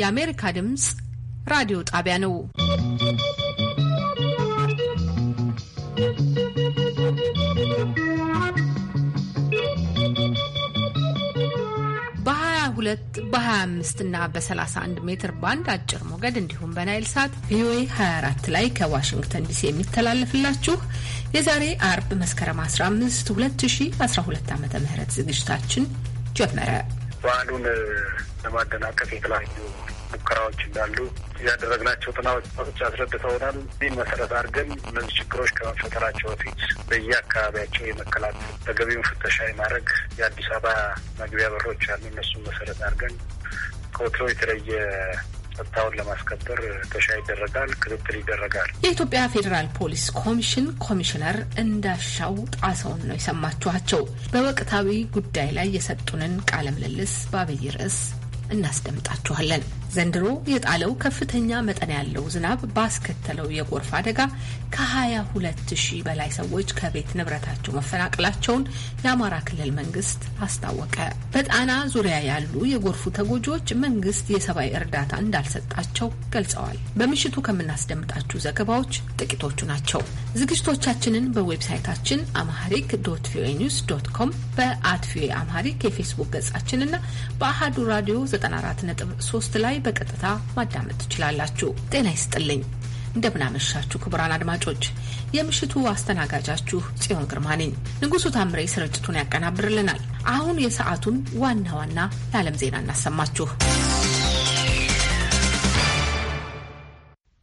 የአሜሪካ ድምጽ ራዲዮ ጣቢያ ነው። በ22 በ25 እና በ31 ሜትር ባንድ አጭር ሞገድ እንዲሁም በናይል ሳት ቪኦኤ 24 ላይ ከዋሽንግተን ዲሲ የሚተላለፍላችሁ የዛሬ አርብ መስከረም 15 2012 ዓ ም ዝግጅታችን ጀመረ። በዓሉን ለማደናቀፍ የተለያዩ ሙከራዎች እንዳሉ ያደረግናቸው ጥናቶች አስረድተውናል። ይህ መሰረት አድርገን እነዚህ ችግሮች ከመፈጠራቸው በፊት በየአካባቢያቸው የመከላት ተገቢውን ፍተሻ የማድረግ የአዲስ አበባ መግቢያ በሮች አሉ። እነሱን መሰረት አድርገን ከወትሮ የተለየ ጸጥታውን ለማስከበር ተሻ ይደረጋል፣ ክትትል ይደረጋል። የኢትዮጵያ ፌዴራል ፖሊስ ኮሚሽን ኮሚሽነር እንዳሻው ጣሰውን ነው የሰማችኋቸው። በወቅታዊ ጉዳይ ላይ የሰጡንን ቃለ ምልልስ በአብይ ርዕስ እናስደምጣችኋለን። ዘንድሮ የጣለው ከፍተኛ መጠን ያለው ዝናብ ባስከተለው የጎርፍ አደጋ ከ22 ሺህ በላይ ሰዎች ከቤት ንብረታቸው መፈናቀላቸውን የአማራ ክልል መንግስት አስታወቀ። በጣና ዙሪያ ያሉ የጎርፉ ተጎጂዎች መንግስት የሰብአዊ እርዳታ እንዳልሰጣቸው ገልጸዋል። በምሽቱ ከምናስደምጣችሁ ዘገባዎች ጥቂቶቹ ናቸው። ዝግጅቶቻችንን በዌብሳይታችን አምሃሪክ ዶት ቪኦኤ ኒውስ ዶት ኮም በአት ቪኦኤ አምሃሪክ የፌስቡክ ገጻችንና በአሀዱ ራዲዮ 94.3 ላይ በቀጥታ ማዳመጥ ትችላላችሁ። ጤና ይስጥልኝ። እንደምናመሻችሁ ክቡራን አድማጮች፣ የምሽቱ አስተናጋጃችሁ ጽዮን ግርማ ነኝ። ንጉሱ ታምሬ ስርጭቱን ያቀናብርልናል። አሁን የሰዓቱን ዋና ዋና የዓለም ዜና እናሰማችሁ።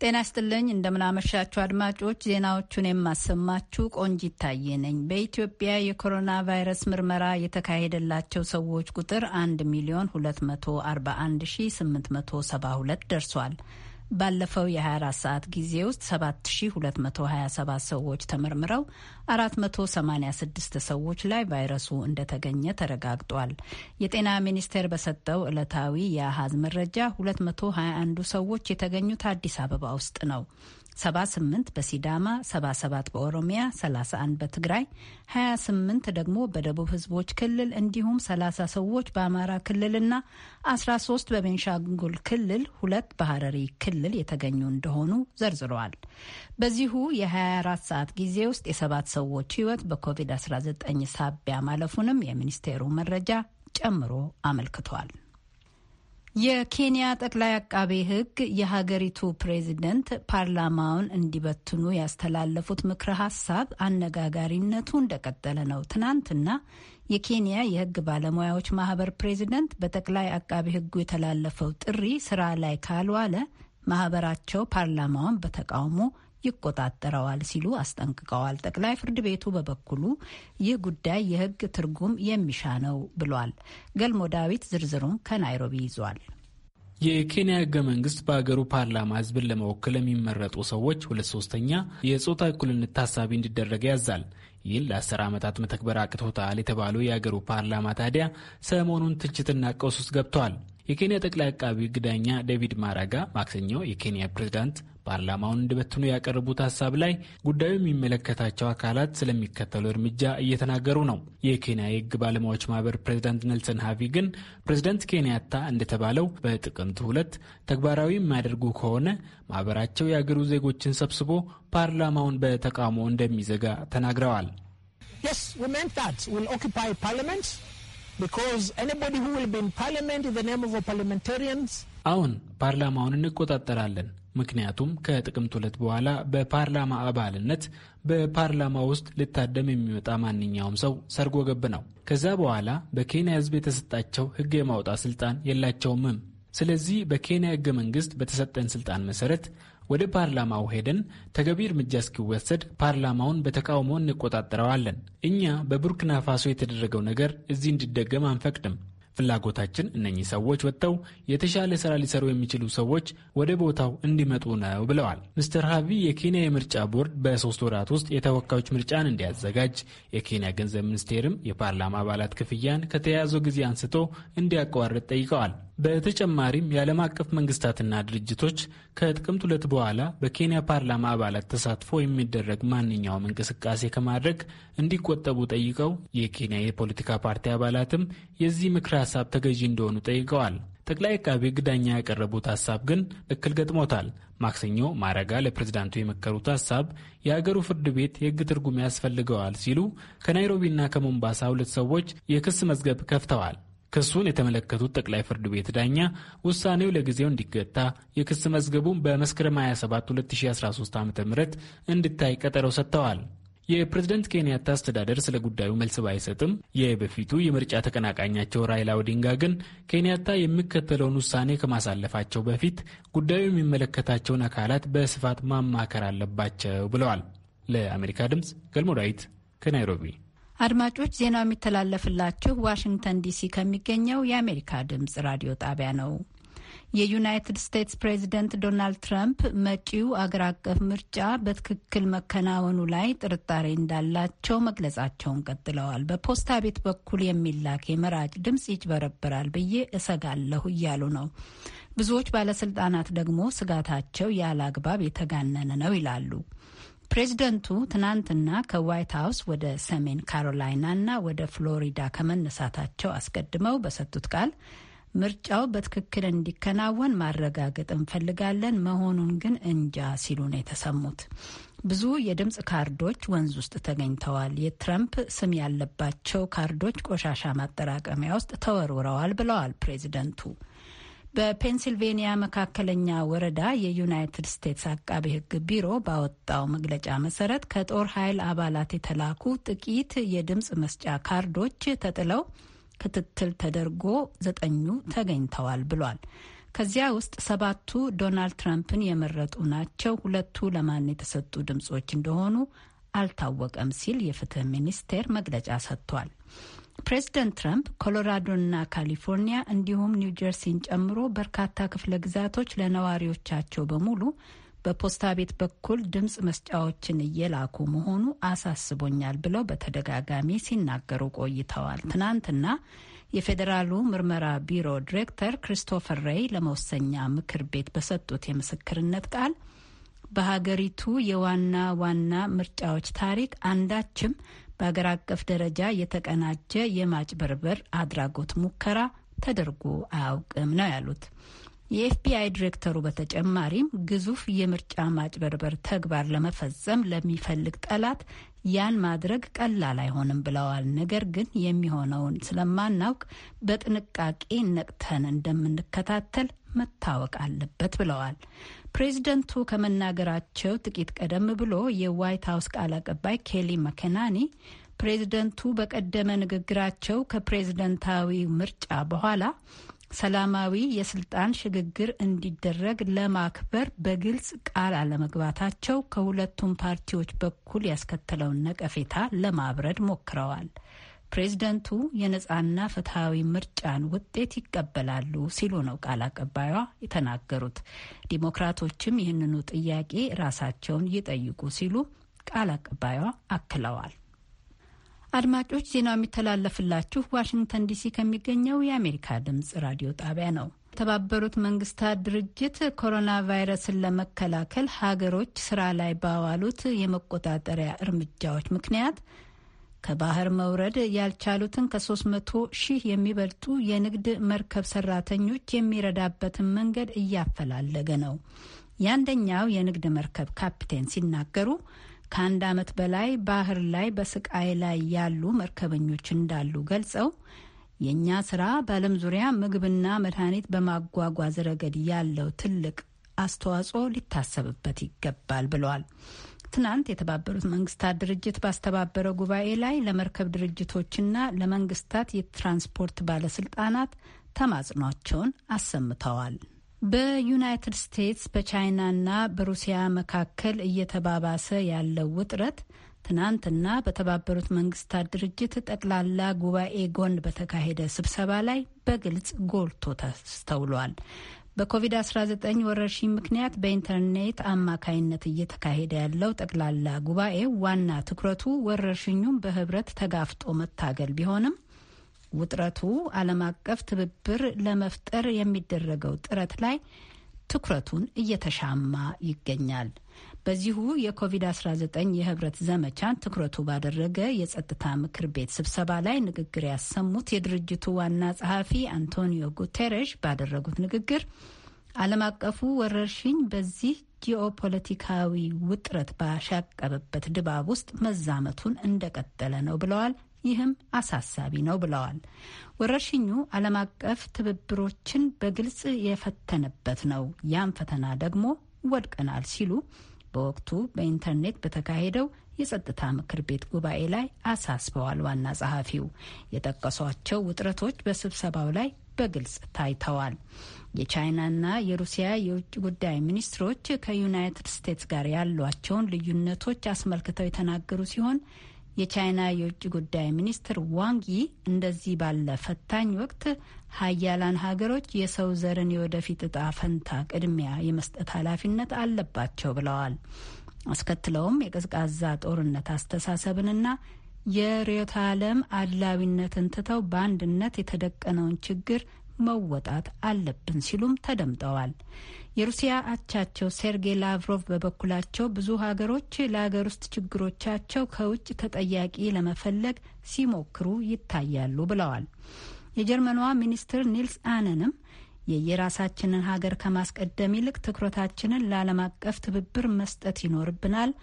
ጤና ይስጥልኝ እንደምናመሻችሁ አድማጮች፣ ዜናዎቹን የማሰማችሁ ቆንጂ ይታየ ነኝ። በኢትዮጵያ የኮሮና ቫይረስ ምርመራ የተካሄደላቸው ሰዎች ቁጥር 1 ሚሊዮን 241 ሺ 872 ደርሷል። ባለፈው የ24 ሰዓት ጊዜ ውስጥ 7227 ሰዎች ተመርምረው 486 ሰዎች ላይ ቫይረሱ እንደተገኘ ተረጋግጧል። የጤና ሚኒስቴር በሰጠው ዕለታዊ የአሃዝ መረጃ 221ዱ ሰዎች የተገኙት አዲስ አበባ ውስጥ ነው። 78 በሲዳማ፣ 77 በኦሮሚያ፣ 31 በትግራይ፣ 28 ደግሞ በደቡብ ህዝቦች ክልል እንዲሁም 30 ሰዎች በአማራ ክልልና 13 በቤንሻንጉል ክልል፣ ሁለት በሀረሪ ክልል የተገኙ እንደሆኑ ዘርዝረዋል። በዚሁ የ24 ሰዓት ጊዜ ውስጥ የሰባት ሰዎች ህይወት በኮቪድ-19 ሳቢያ ማለፉንም የሚኒስቴሩ መረጃ ጨምሮ አመልክቷል። የኬንያ ጠቅላይ አቃቤ ሕግ የሀገሪቱ ፕሬዚደንት ፓርላማውን እንዲበትኑ ያስተላለፉት ምክረ ሀሳብ አነጋጋሪነቱ እንደቀጠለ ነው። ትናንትና የኬንያ የሕግ ባለሙያዎች ማህበር ፕሬዚደንት በጠቅላይ አቃቤ ሕጉ የተላለፈው ጥሪ ስራ ላይ ካልዋለ ማህበራቸው ፓርላማውን በተቃውሞ ይቆጣጠረዋል ሲሉ አስጠንቅቀዋል። ጠቅላይ ፍርድ ቤቱ በበኩሉ ይህ ጉዳይ የሕግ ትርጉም የሚሻ ነው ብሏል። ገልሞ ዳዊት ዝርዝሩን ከናይሮቢ ይዟል። የኬንያ ህገ መንግስት በአገሩ ፓርላማ ህዝብን ለመወከል የሚመረጡ ሰዎች ሁለት ሶስተኛ የጾታ እኩልነት ታሳቢ እንዲደረግ ያዛል። ይህን ለአስር ዓመታት መተግበር አቅቶታል የተባለው የአገሩ ፓርላማ ታዲያ ሰሞኑን ትችትና ቀውስ ውስጥ ገብተዋል። የኬንያ ጠቅላይ አቃቢ ህግ ዳኛ ዴቪድ ማራጋ ማክሰኞ የኬንያ ፕሬዚዳንት ፓርላማውን እንዲበትኑ ያቀረቡት ሀሳብ ላይ ጉዳዩ የሚመለከታቸው አካላት ስለሚከተሉ እርምጃ እየተናገሩ ነው። የኬንያ የህግ ባለሙያዎች ማህበር ፕሬዚዳንት ኔልሰን ሀቪ ግን ፕሬዚዳንት ኬንያታ እንደተባለው በጥቅምት ሁለት ተግባራዊ የማያደርጉ ከሆነ ማህበራቸው የአገሩ ዜጎችን ሰብስቦ ፓርላማውን በተቃውሞ እንደሚዘጋ ተናግረዋል። አሁን ፓርላማውን እንቆጣጠራለን ምክንያቱም ከጥቅምት ሁለት በኋላ በፓርላማ አባልነት በፓርላማ ውስጥ ልታደም የሚመጣ ማንኛውም ሰው ሰርጎ ገብ ነው። ከዛ በኋላ በኬንያ ሕዝብ የተሰጣቸው ሕግ የማውጣት ስልጣን የላቸውምም። ስለዚህ በኬንያ ሕገ መንግስት በተሰጠን ስልጣን መሰረት ወደ ፓርላማው ሄደን ተገቢ እርምጃ እስኪወሰድ ፓርላማውን በተቃውሞ እንቆጣጠረዋለን። እኛ በቡርኪና ፋሶ የተደረገው ነገር እዚህ እንዲደገም አንፈቅድም። ፍላጎታችን እነኚህ ሰዎች ወጥተው የተሻለ ስራ ሊሰሩ የሚችሉ ሰዎች ወደ ቦታው እንዲመጡ ነው ብለዋል። ሚስተር ሀቢ የኬንያ የምርጫ ቦርድ በሶስት ወራት ውስጥ የተወካዮች ምርጫን እንዲያዘጋጅ፣ የኬንያ ገንዘብ ሚኒስቴርም የፓርላማ አባላት ክፍያን ከተያያዘው ጊዜ አንስቶ እንዲያቋርጥ ጠይቀዋል። በተጨማሪም የዓለም አቀፍ መንግስታትና ድርጅቶች ከጥቅምት ሁለት በኋላ በኬንያ ፓርላማ አባላት ተሳትፎ የሚደረግ ማንኛውም እንቅስቃሴ ከማድረግ እንዲቆጠቡ ጠይቀው የኬንያ የፖለቲካ ፓርቲ አባላትም የዚህ ምክረ ሀሳብ ተገዢ እንደሆኑ ጠይቀዋል። ጠቅላይ አቃቤ ሕግ ዳኛ ያቀረቡት ሀሳብ ግን እክል ገጥሞታል። ማክሰኞ ማረጋ ለፕሬዝዳንቱ የመከሩት ሀሳብ የአገሩ ፍርድ ቤት የሕግ ትርጉም ያስፈልገዋል ሲሉ ከናይሮቢና ከሞምባሳ ሁለት ሰዎች የክስ መዝገብ ከፍተዋል። ክሱን የተመለከቱት ጠቅላይ ፍርድ ቤት ዳኛ ውሳኔው ለጊዜው እንዲገታ የክስ መዝገቡን በመስከረም 27 2013 ዓ ም እንድታይ ቀጠረው ሰጥተዋል። የፕሬዝደንት ኬንያታ አስተዳደር ስለ ጉዳዩ መልስ ባይሰጥም የበፊቱ የምርጫ ተቀናቃኛቸው ራይላ ኦዲንጋ ግን ኬንያታ የሚከተለውን ውሳኔ ከማሳለፋቸው በፊት ጉዳዩ የሚመለከታቸውን አካላት በስፋት ማማከር አለባቸው ብለዋል። ለአሜሪካ ድምፅ ገልሞ ዳዊት ከናይሮቢ አድማጮች ዜናው የሚተላለፍላችሁ ዋሽንግተን ዲሲ ከሚገኘው የአሜሪካ ድምጽ ራዲዮ ጣቢያ ነው። የዩናይትድ ስቴትስ ፕሬዝደንት ዶናልድ ትራምፕ መጪው አገር አቀፍ ምርጫ በትክክል መከናወኑ ላይ ጥርጣሬ እንዳላቸው መግለጻቸውን ቀጥለዋል። በፖስታ ቤት በኩል የሚላክ የመራጭ ድምፅ ይጭበረበራል ብዬ እሰጋለሁ እያሉ ነው። ብዙዎች ባለስልጣናት ደግሞ ስጋታቸው ያለ አግባብ የተጋነነ ነው ይላሉ። ፕሬዚደንቱ ትናንትና ከዋይት ሀውስ ወደ ሰሜን ካሮላይና እና ወደ ፍሎሪዳ ከመነሳታቸው አስቀድመው በሰጡት ቃል ምርጫው በትክክል እንዲከናወን ማረጋገጥ እንፈልጋለን፣ መሆኑን ግን እንጃ ሲሉ ነው የተሰሙት። ብዙ የድምፅ ካርዶች ወንዝ ውስጥ ተገኝተዋል። የትራምፕ ስም ያለባቸው ካርዶች ቆሻሻ ማጠራቀሚያ ውስጥ ተወርውረዋል ብለዋል ፕሬዚደንቱ። በፔንሲልቬኒያ መካከለኛ ወረዳ የዩናይትድ ስቴትስ አቃቤ ሕግ ቢሮ ባወጣው መግለጫ መሰረት ከጦር ኃይል አባላት የተላኩ ጥቂት የድምፅ መስጫ ካርዶች ተጥለው ክትትል ተደርጎ ዘጠኙ ተገኝተዋል ብሏል። ከዚያ ውስጥ ሰባቱ ዶናልድ ትራምፕን የመረጡ ናቸው፣ ሁለቱ ለማን የተሰጡ ድምጾች እንደሆኑ አልታወቀም ሲል የፍትህ ሚኒስቴር መግለጫ ሰጥቷል። ፕሬዚደንት ትራምፕ ኮሎራዶና ካሊፎርኒያ እንዲሁም ኒው ጀርሲን ጨምሮ በርካታ ክፍለ ግዛቶች ለነዋሪዎቻቸው በሙሉ በፖስታ ቤት በኩል ድምፅ መስጫዎችን እየላኩ መሆኑ አሳስቦኛል ብለው በተደጋጋሚ ሲናገሩ ቆይተዋል። ትናንትና የፌዴራሉ ምርመራ ቢሮ ዲሬክተር ክሪስቶፈር ሬይ ለመወሰኛ ምክር ቤት በሰጡት የምስክርነት ቃል በሀገሪቱ የዋና ዋና ምርጫዎች ታሪክ አንዳችም በአገር አቀፍ ደረጃ የተቀናጀ የማጭበርበር አድራጎት ሙከራ ተደርጎ አያውቅም ነው ያሉት። የኤፍቢአይ ዲሬክተሩ በተጨማሪም ግዙፍ የምርጫ ማጭበርበር ተግባር ለመፈጸም ለሚፈልግ ጠላት ያን ማድረግ ቀላል አይሆንም ብለዋል። ነገር ግን የሚሆነውን ስለማናውቅ በጥንቃቄ ነቅተን እንደምንከታተል መታወቅ አለበት ብለዋል። ፕሬዝደንቱ ከመናገራቸው ጥቂት ቀደም ብሎ የዋይት ሀውስ ቃል አቀባይ ኬሊ መከናኒ ፕሬዝደንቱ በቀደመ ንግግራቸው ከፕሬዝደንታዊ ምርጫ በኋላ ሰላማዊ የስልጣን ሽግግር እንዲደረግ ለማክበር በግልጽ ቃል አለመግባታቸው ከሁለቱም ፓርቲዎች በኩል ያስከተለውን ነቀፌታ ለማብረድ ሞክረዋል። ፕሬዝደንቱ የነጻና ፍትሐዊ ምርጫን ውጤት ይቀበላሉ ሲሉ ነው ቃል አቀባዩ የተናገሩት። ዲሞክራቶችም ይህንኑ ጥያቄ ራሳቸውን ይጠይቁ ሲሉ ቃል አቀባዩ አክለዋል። አድማጮች ዜናው የሚተላለፍላችሁ ዋሽንግተን ዲሲ ከሚገኘው የአሜሪካ ድምጽ ራዲዮ ጣቢያ ነው። የተባበሩት መንግስታት ድርጅት ኮሮና ቫይረስን ለመከላከል ሀገሮች ስራ ላይ ባዋሉት የመቆጣጠሪያ እርምጃዎች ምክንያት ከባህር መውረድ ያልቻሉትን ከ300 ሺህ የሚበልጡ የንግድ መርከብ ሰራተኞች የሚረዳበትን መንገድ እያፈላለገ ነው። የአንደኛው የንግድ መርከብ ካፕቴን ሲናገሩ ከአንድ ዓመት በላይ ባህር ላይ በስቃይ ላይ ያሉ መርከበኞች እንዳሉ ገልጸው የእኛ ስራ በዓለም ዙሪያ ምግብና መድኃኒት በማጓጓዝ ረገድ ያለው ትልቅ አስተዋጽኦ ሊታሰብበት ይገባል ብለዋል። ትናንት የተባበሩት መንግስታት ድርጅት ባስተባበረ ጉባኤ ላይ ለመርከብ ድርጅቶችና ለመንግስታት የትራንስፖርት ባለስልጣናት ተማጽኗቸውን አሰምተዋል። በዩናይትድ ስቴትስ በቻይናና በሩሲያ መካከል እየተባባሰ ያለው ውጥረት ትናንትና በተባበሩት መንግስታት ድርጅት ጠቅላላ ጉባኤ ጎን በተካሄደ ስብሰባ ላይ በግልጽ ጎልቶ ተስተውሏል። በኮቪድ-19 ወረርሽኝ ምክንያት በኢንተርኔት አማካይነት እየተካሄደ ያለው ጠቅላላ ጉባኤ ዋና ትኩረቱ ወረርሽኙን በህብረት ተጋፍጦ መታገል ቢሆንም ውጥረቱ ዓለም አቀፍ ትብብር ለመፍጠር የሚደረገው ጥረት ላይ ትኩረቱን እየተሻማ ይገኛል። በዚሁ የኮቪድ-19 የህብረት ዘመቻን ትኩረቱ ባደረገ የጸጥታ ምክር ቤት ስብሰባ ላይ ንግግር ያሰሙት የድርጅቱ ዋና ጸሐፊ አንቶኒዮ ጉቴሬሽ ባደረጉት ንግግር ዓለም አቀፉ ወረርሽኝ በዚህ ጂኦፖለቲካዊ ውጥረት ባሻቀበበት ድባብ ውስጥ መዛመቱን እንደቀጠለ ነው ብለዋል። ይህም አሳሳቢ ነው ብለዋል። ወረርሽኙ ዓለም አቀፍ ትብብሮችን በግልጽ የፈተነበት ነው። ያም ፈተና ደግሞ ወድቀናል ሲሉ በወቅቱ በኢንተርኔት በተካሄደው የጸጥታ ምክር ቤት ጉባኤ ላይ አሳስበዋል። ዋና ጸሐፊው የጠቀሷቸው ውጥረቶች በስብሰባው ላይ በግልጽ ታይተዋል። የቻይናና የሩሲያ የውጭ ጉዳይ ሚኒስትሮች ከዩናይትድ ስቴትስ ጋር ያሏቸውን ልዩነቶች አስመልክተው የተናገሩ ሲሆን የቻይና የውጭ ጉዳይ ሚኒስትር ዋንግ ይ እንደዚህ ባለ ፈታኝ ወቅት ሀያላን ሀገሮች የሰው ዘርን የወደፊት እጣ ፈንታ ቅድሚያ የመስጠት ኃላፊነት አለባቸው ብለዋል። አስከትለውም የቀዝቃዛ ጦርነት አስተሳሰብንና የርዕዮተ ዓለም አድላዊነትን ትተው በአንድነት የተደቀነውን ችግር መወጣት አለብን ሲሉም ተደምጠዋል። የሩሲያ አቻቸው ሴርጌይ ላቭሮቭ በበኩላቸው ብዙ ሀገሮች ለሀገር ውስጥ ችግሮቻቸው ከውጭ ተጠያቂ ለመፈለግ ሲሞክሩ ይታያሉ ብለዋል። የጀርመኗ ሚኒስትር ኒልስ አነንም የየራሳችንን ሀገር ከማስቀደም ይልቅ ትኩረታችንን ለዓለም አቀፍ ትብብር መስጠት ይኖርብናል፣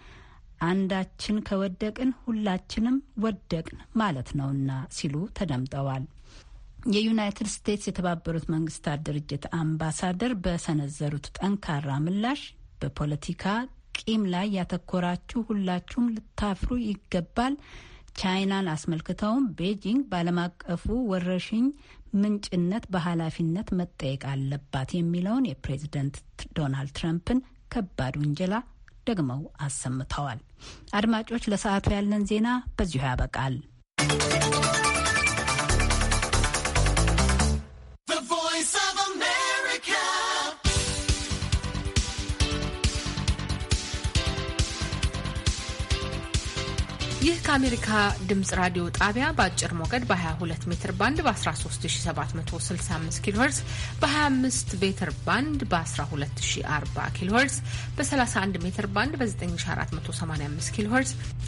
አንዳችን ከወደቅን ሁላችንም ወደቅን ማለት ነውና ሲሉ ተደምጠዋል። የዩናይትድ ስቴትስ የተባበሩት መንግስታት ድርጅት አምባሳደር በሰነዘሩት ጠንካራ ምላሽ በፖለቲካ ቂም ላይ ያተኮራችሁ ሁላችሁም ልታፍሩ ይገባል። ቻይናን አስመልክተውም ቤጂንግ በዓለም አቀፉ ወረርሽኝ ምንጭነት በኃላፊነት መጠየቅ አለባት የሚለውን የፕሬዝደንት ዶናልድ ትራምፕን ከባድ ውንጀላ ደግመው አሰምተዋል። አድማጮች፣ ለሰዓቱ ያለን ዜና በዚሁ ያበቃል። ይህ ከአሜሪካ ድምጽ ራዲዮ ጣቢያ በአጭር ሞገድ በ22 ሜትር ባንድ በ13765 ኪሎ በ25 ሜትር ባንድ በ1240 ኪሎ በ31 ሜትር ባንድ በ9485 ኪሎ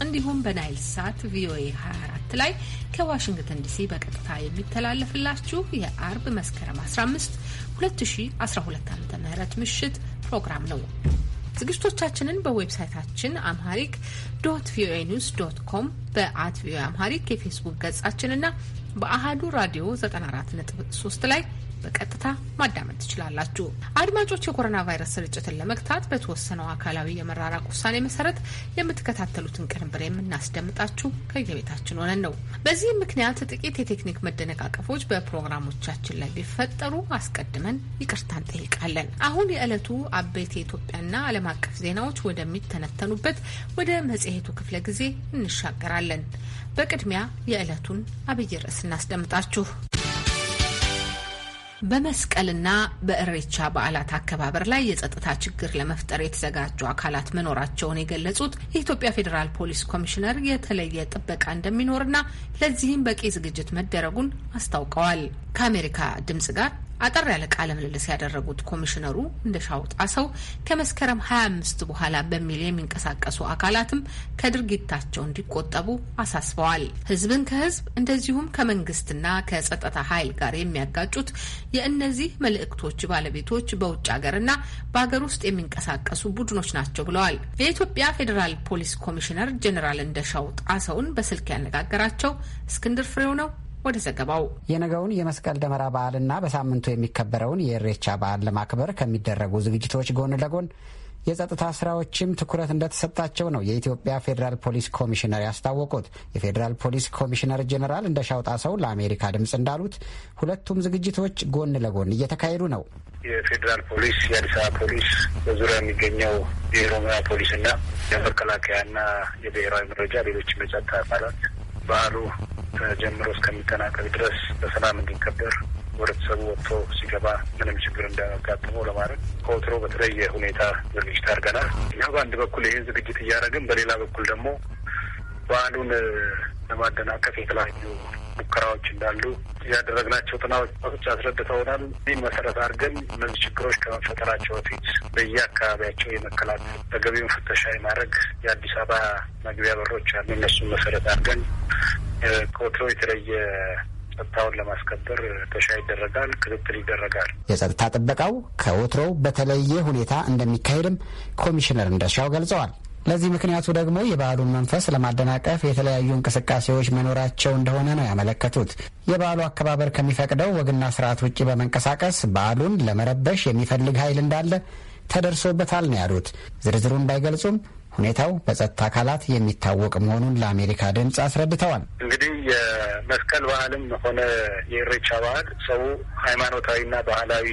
እንዲሁም በናይል ሳት ቪኦኤ 24 ላይ ከዋሽንግተን ዲሲ በቀጥታ የሚተላለፍላችሁ የአርብ መስከረም 15 2012 ዓ ም ምሽት ፕሮግራም ነው። ዝግጅቶቻችንን በዌብሳይታችን አምሃሪክ ዶት ቪኦኤ ኒውስ ዶት ኮም በአት ቪኦኤ አምሃሪክ የፌስቡክ ገጻችንና በአህዱ ራዲዮ 94.3 ላይ በቀጥታ ማዳመጥ ትችላላችሁ። አድማጮች፣ የኮሮና ቫይረስ ስርጭትን ለመግታት በተወሰነው አካላዊ የመራራቅ ውሳኔ መሰረት የምትከታተሉትን ቅንብር የምናስደምጣችሁ ከየቤታችን ሆነን ነው። በዚህም ምክንያት ጥቂት የቴክኒክ መደነቃቀፎች በፕሮግራሞቻችን ላይ ቢፈጠሩ አስቀድመን ይቅርታ እንጠይቃለን። አሁን የዕለቱ አበይት የኢትዮጵያና ዓለም አቀፍ ዜናዎች ወደሚተነተኑበት ወደ መጽሔቱ ክፍለ ጊዜ እንሻገራለን። በቅድሚያ የዕለቱን አብይ ርዕስ እናስደምጣችሁ። በመስቀልና በእሬቻ በዓላት አከባበር ላይ የጸጥታ ችግር ለመፍጠር የተዘጋጁ አካላት መኖራቸውን የገለጹት የኢትዮጵያ ፌዴራል ፖሊስ ኮሚሽነር የተለየ ጥበቃ እንደሚኖርና ለዚህም በቂ ዝግጅት መደረጉን አስታውቀዋል። ከአሜሪካ ድምጽ ጋር አጠር ያለ ቃለ ምልልስ ያደረጉት ኮሚሽነሩ እንደሻው ጣሰው ከመስከረም 25 በኋላ በሚል የሚንቀሳቀሱ አካላትም ከድርጊታቸው እንዲቆጠቡ አሳስበዋል። ህዝብን ከህዝብ እንደዚሁም ከመንግስትና ከጸጥታ ኃይል ጋር የሚያጋጩት የእነዚህ መልእክቶች ባለቤቶች በውጭ ሀገርና በሀገር ውስጥ የሚንቀሳቀሱ ቡድኖች ናቸው ብለዋል። የኢትዮጵያ ፌዴራል ፖሊስ ኮሚሽነር ጄኔራል እንደሻው ጣሰውን በስልክ ያነጋገራቸው እስክንድር ፍሬው ነው። ወደ ዘገባው የነገውን የመስቀል ደመራ በዓልና በሳምንቱ የሚከበረውን የእሬቻ በዓል ለማክበር ከሚደረጉ ዝግጅቶች ጎን ለጎን የጸጥታ ስራዎችም ትኩረት እንደተሰጣቸው ነው የኢትዮጵያ ፌዴራል ፖሊስ ኮሚሽነር ያስታወቁት። የፌዴራል ፖሊስ ኮሚሽነር ጀኔራል ሻውጣ ሰው ለአሜሪካ ድምፅ እንዳሉት ሁለቱም ዝግጅቶች ጎን ለጎን እየተካሄዱ ነው። የፌዴራል ፖሊስ፣ የአዲስ አበባ ፖሊስ፣ በዙሪያ የሚገኘው የኦሮሚያ ፖሊስና የመከላከያና የብሔራዊ መረጃ ሌሎችም የጸጥታ አካላት በዓሉ ጀምሮ እስከሚጠናቀቅ ድረስ በሰላም እንዲከበር ህብረተሰቡ ወጥቶ ሲገባ ምንም ችግር እንዳያጋጥመው ለማድረግ ከወትሮ በተለየ ሁኔታ ዝግጅት አድርገናል። እኛ በአንድ በኩል ይህን ዝግጅት እያደረግን፣ በሌላ በኩል ደግሞ በዓሉን ለማደናቀፍ የተለያዩ ሙከራዎች እንዳሉ ያደረግናቸው ጥናቶች አስረድተውናል። ይህን መሰረት አድርገን እነዚህ ችግሮች ከመፈጠራቸው በፊት በየአካባቢያቸው የመከላት ተገቢውን ፍተሻ የማድረግ የአዲስ አበባ መግቢያ በሮች አሉ። እነሱን መሰረት አድርገን ከወትሮ የተለየ ጸጥታውን ለማስከበር ተሻ ይደረጋል፣ ክትትል ይደረጋል። የጸጥታ ጥበቃው ከወትሮው በተለየ ሁኔታ እንደሚካሄድም ኮሚሽነር እንደሻው ገልጸዋል። ለዚህ ምክንያቱ ደግሞ የበዓሉን መንፈስ ለማደናቀፍ የተለያዩ እንቅስቃሴዎች መኖራቸው እንደሆነ ነው ያመለከቱት። የበዓሉ አከባበር ከሚፈቅደው ወግና ስርዓት ውጭ በመንቀሳቀስ በዓሉን ለመረበሽ የሚፈልግ ኃይል እንዳለ ተደርሶበታል ነው ያሉት። ዝርዝሩን ባይገልጹም ሁኔታው በጸጥታ አካላት የሚታወቅ መሆኑን ለአሜሪካ ድምፅ አስረድተዋል። እንግዲህ የመስቀል በዓልም ሆነ የኢሬቻ በዓል ሰው ሃይማኖታዊና ባህላዊ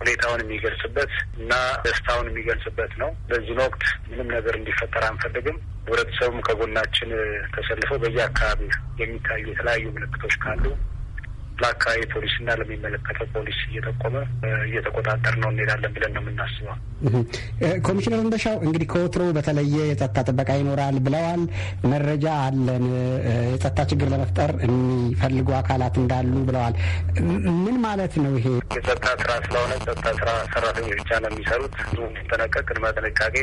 ሁኔታውን የሚገልጽበት እና ደስታውን የሚገልጽበት ነው። በዚህን ወቅት ምንም ነገር እንዲፈጠር አንፈልግም። ህብረተሰቡም ከጎናችን ተሰልፈው በየአካባቢ የሚታዩ የተለያዩ ምልክቶች ካሉ ለአካባቢ ፖሊስና ለሚመለከተው ፖሊስ እየጠቆመ እየተቆጣጠር ነው እንሄዳለን ብለን ነው የምናስበው። ኮሚሽነር እንደሻው እንግዲህ ከወትሮ በተለየ የጸጥታ ጥበቃ ይኖራል ብለዋል። መረጃ አለን የጸጥታ ችግር ለመፍጠር የሚፈልጉ አካላት እንዳሉ ብለዋል። ምን ማለት ነው ይሄ? የጸጥታ ስራ ስለሆነ ጸጥታ ስራ ሰራተኞች ብቻ ነው የሚሰሩት። ጠነቀቅ ቅድመ ጥንቃቄ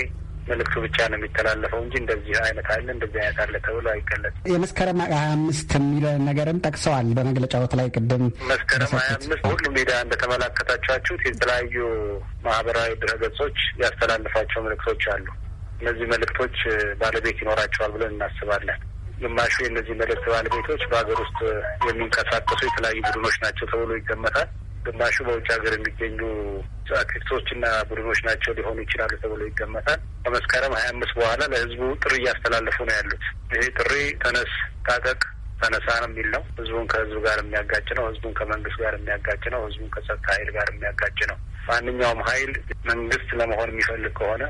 መልእክቱ ብቻ ነው የሚተላለፈው እንጂ እንደዚህ አይነት አለ እንደዚህ አይነት አለ ተብሎ አይገለጽም። የመስከረም ሀያ አምስት የሚለው ነገርም ጠቅሰዋል በመግለጫዎት ላይ ቅድም መስከረም ሀያ አምስት ሁሉም ሜዳ እንደተመላከታችኋችሁት የተለያዩ ማህበራዊ ድረገጾች ያስተላልፋቸው መልእክቶች አሉ። እነዚህ መልእክቶች ባለቤት ይኖራቸዋል ብለን እናስባለን። ግማሹ የእነዚህ መልእክት ባለቤቶች በሀገር ውስጥ የሚንቀሳቀሱ የተለያዩ ቡድኖች ናቸው ተብሎ ይገመታል። ግማሹ በውጭ ሀገር የሚገኙ አትሌቶችና ቡድኖች ናቸው ሊሆኑ ይችላሉ ተብሎ ይገመታል። ከመስከረም ሀያ አምስት በኋላ ለህዝቡ ጥሪ እያስተላለፉ ነው ያሉት። ይሄ ጥሪ ተነስ፣ ታጠቅ፣ ተነሳ ነው የሚል ነው። ህዝቡን ከህዝብ ጋር የሚያጋጭ ነው። ህዝቡን ከመንግስት ጋር የሚያጋጭ ነው። ህዝቡን ከጸጥታ ኃይል ጋር የሚያጋጭ ነው። ማንኛውም ኃይል መንግስት ለመሆን የሚፈልግ ከሆነ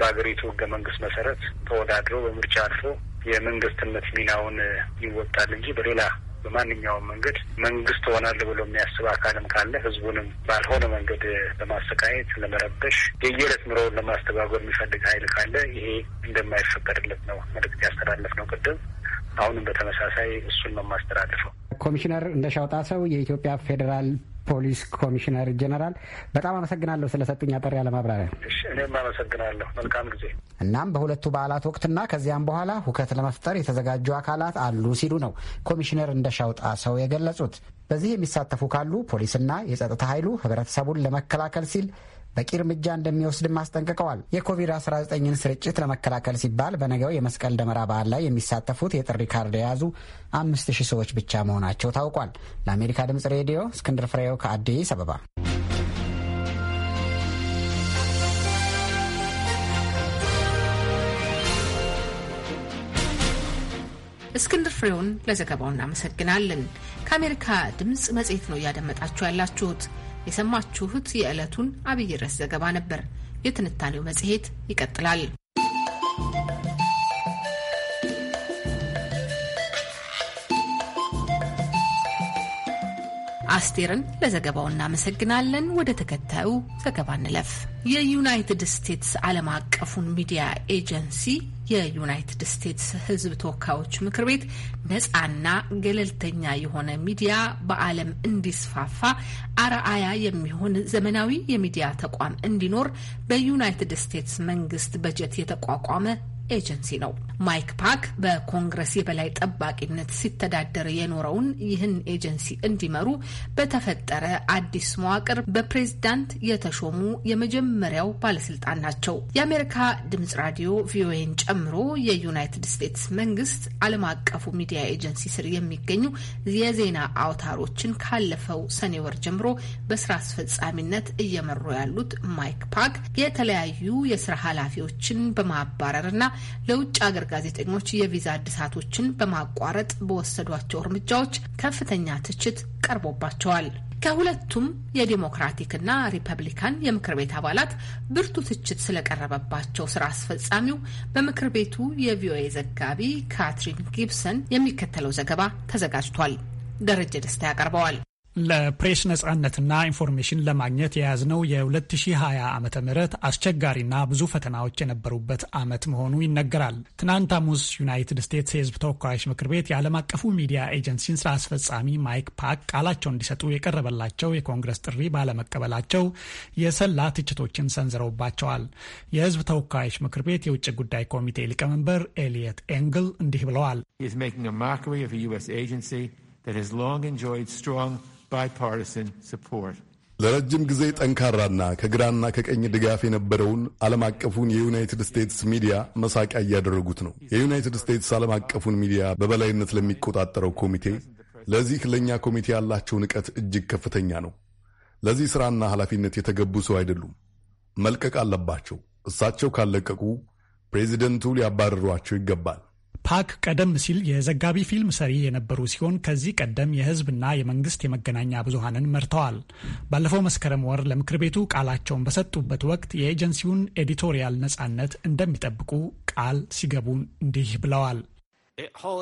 በሀገሪቱ ህገ መንግስት መሰረት ተወዳድሮ በምርጫ አልፎ የመንግስትነት ሚናውን ይወጣል እንጂ በሌላ በማንኛውም መንገድ መንግስት ሆናለሁ ብሎ የሚያስብ አካልም ካለ ህዝቡንም ባልሆነ መንገድ ለማሰቃየት፣ ለመረበሽ፣ የየዕለት ኑሮውን ለማስተጓጎል የሚፈልግ ሀይል ካለ ይሄ እንደማይፈቀድለት ነው መልእክት ያስተላለፍ ነው ቅድም። አሁንም በተመሳሳይ እሱን ነው የማስተላልፈው። ኮሚሽነር እንደሻውጣ ሰው የኢትዮጵያ ፌዴራል ፖሊስ ኮሚሽነር ጀነራል በጣም አመሰግናለሁ ስለሰጡኝ አጠር ያለ ማብራሪያ። እኔም አመሰግናለሁ። መልካም ጊዜ። እናም በሁለቱ በዓላት ወቅትና ከዚያም በኋላ ሁከት ለመፍጠር የተዘጋጁ አካላት አሉ ሲሉ ነው ኮሚሽነር እንደሻውጣ ሰው የገለጹት። በዚህ የሚሳተፉ ካሉ ፖሊስና የጸጥታ ኃይሉ ህብረተሰቡን ለመከላከል ሲል በቂ እርምጃ እንደሚወስድም አስጠንቅቀዋል። የኮቪድ-19ን ስርጭት ለመከላከል ሲባል በነገው የመስቀል ደመራ በዓል ላይ የሚሳተፉት የጥሪ ካርድ የያዙ አምስት ሺህ ሰዎች ብቻ መሆናቸው ታውቋል። ለአሜሪካ ድምጽ ሬዲዮ እስክንድር ፍሬው ከአዲስ አበባ። እስክንድር ፍሬውን ለዘገባው እናመሰግናለን። ከአሜሪካ ድምፅ መጽሔት ነው እያደመጣችሁ ያላችሁት። የሰማችሁት የዕለቱን አብይ ርዕስ ዘገባ ነበር። የትንታኔው መጽሔት ይቀጥላል። አስቴርን ለዘገባው እናመሰግናለን። ወደ ተከታዩ ዘገባ እንለፍ። የዩናይትድ ስቴትስ ዓለም አቀፉን ሚዲያ ኤጀንሲ የዩናይትድ ስቴትስ ሕዝብ ተወካዮች ምክር ቤት ነፃና ገለልተኛ የሆነ ሚዲያ በዓለም እንዲስፋፋ አርአያ የሚሆን ዘመናዊ የሚዲያ ተቋም እንዲኖር በዩናይትድ ስቴትስ መንግስት በጀት የተቋቋመ ኤጀንሲ ነው። ማይክ ፓክ በኮንግረስ የበላይ ጠባቂነት ሲተዳደር የኖረውን ይህን ኤጀንሲ እንዲመሩ በተፈጠረ አዲስ መዋቅር በፕሬዝዳንት የተሾሙ የመጀመሪያው ባለስልጣን ናቸው። የአሜሪካ ድምጽ ራዲዮ ቪኦኤን ጨምሮ የዩናይትድ ስቴትስ መንግስት ዓለም አቀፉ ሚዲያ ኤጀንሲ ስር የሚገኙ የዜና አውታሮችን ካለፈው ሰኔ ወር ጀምሮ በስራ አስፈጻሚነት እየመሩ ያሉት ማይክ ፓክ የተለያዩ የስራ ኃላፊዎችን በማባረርና ለውጭ አገር ጋዜጠኞች የቪዛ እድሳቶችን በማቋረጥ በወሰዷቸው እርምጃዎች ከፍተኛ ትችት ቀርቦባቸዋል። ከሁለቱም የዲሞክራቲክና ሪፐብሊካን የምክር ቤት አባላት ብርቱ ትችት ስለቀረበባቸው ስራ አስፈጻሚው በምክር ቤቱ የቪኦኤ ዘጋቢ ካትሪን ጊብሰን የሚከተለው ዘገባ ተዘጋጅቷል። ደረጀ ደስታ ያቀርበዋል። ለፕሬስ ነጻነትና ኢንፎርሜሽን ለማግኘት የያዝነው የ2020 ዓ ም አስቸጋሪና ብዙ ፈተናዎች የነበሩበት ዓመት መሆኑ ይነገራል። ትናንት ሐሙስ ዩናይትድ ስቴትስ የህዝብ ተወካዮች ምክር ቤት የዓለም አቀፉ ሚዲያ ኤጀንሲን ስራ አስፈጻሚ ማይክ ፓክ ቃላቸውን እንዲሰጡ የቀረበላቸው የኮንግረስ ጥሪ ባለመቀበላቸው የሰላ ትችቶችን ሰንዝረውባቸዋል። የህዝብ ተወካዮች ምክር ቤት የውጭ ጉዳይ ኮሚቴ ሊቀመንበር ኤሊየት ኤንግል እንዲህ ብለዋል። ለረጅም ጊዜ ጠንካራና ከግራና ከቀኝ ድጋፍ የነበረውን ዓለም አቀፉን የዩናይትድ ስቴትስ ሚዲያ መሳቂያ እያደረጉት ነው። የዩናይትድ ስቴትስ ዓለም አቀፉን ሚዲያ በበላይነት ለሚቆጣጠረው ኮሚቴ ለዚህ ለእኛ ኮሚቴ ያላቸው ንቀት እጅግ ከፍተኛ ነው። ለዚህ ሥራና ኃላፊነት የተገቡ ሰው አይደሉም። መልቀቅ አለባቸው። እሳቸው ካልለቀቁ ፕሬዚደንቱ ሊያባርሯቸው ይገባል። ፓክ ቀደም ሲል የዘጋቢ ፊልም ሰሪ የነበሩ ሲሆን ከዚህ ቀደም የህዝብና የመንግስት የመገናኛ ብዙሀንን መርተዋል። ባለፈው መስከረም ወር ለምክር ቤቱ ቃላቸውን በሰጡበት ወቅት የኤጀንሲውን ኤዲቶሪያል ነጻነት እንደሚጠብቁ ቃል ሲገቡ እንዲህ ብለዋል። uh, uh,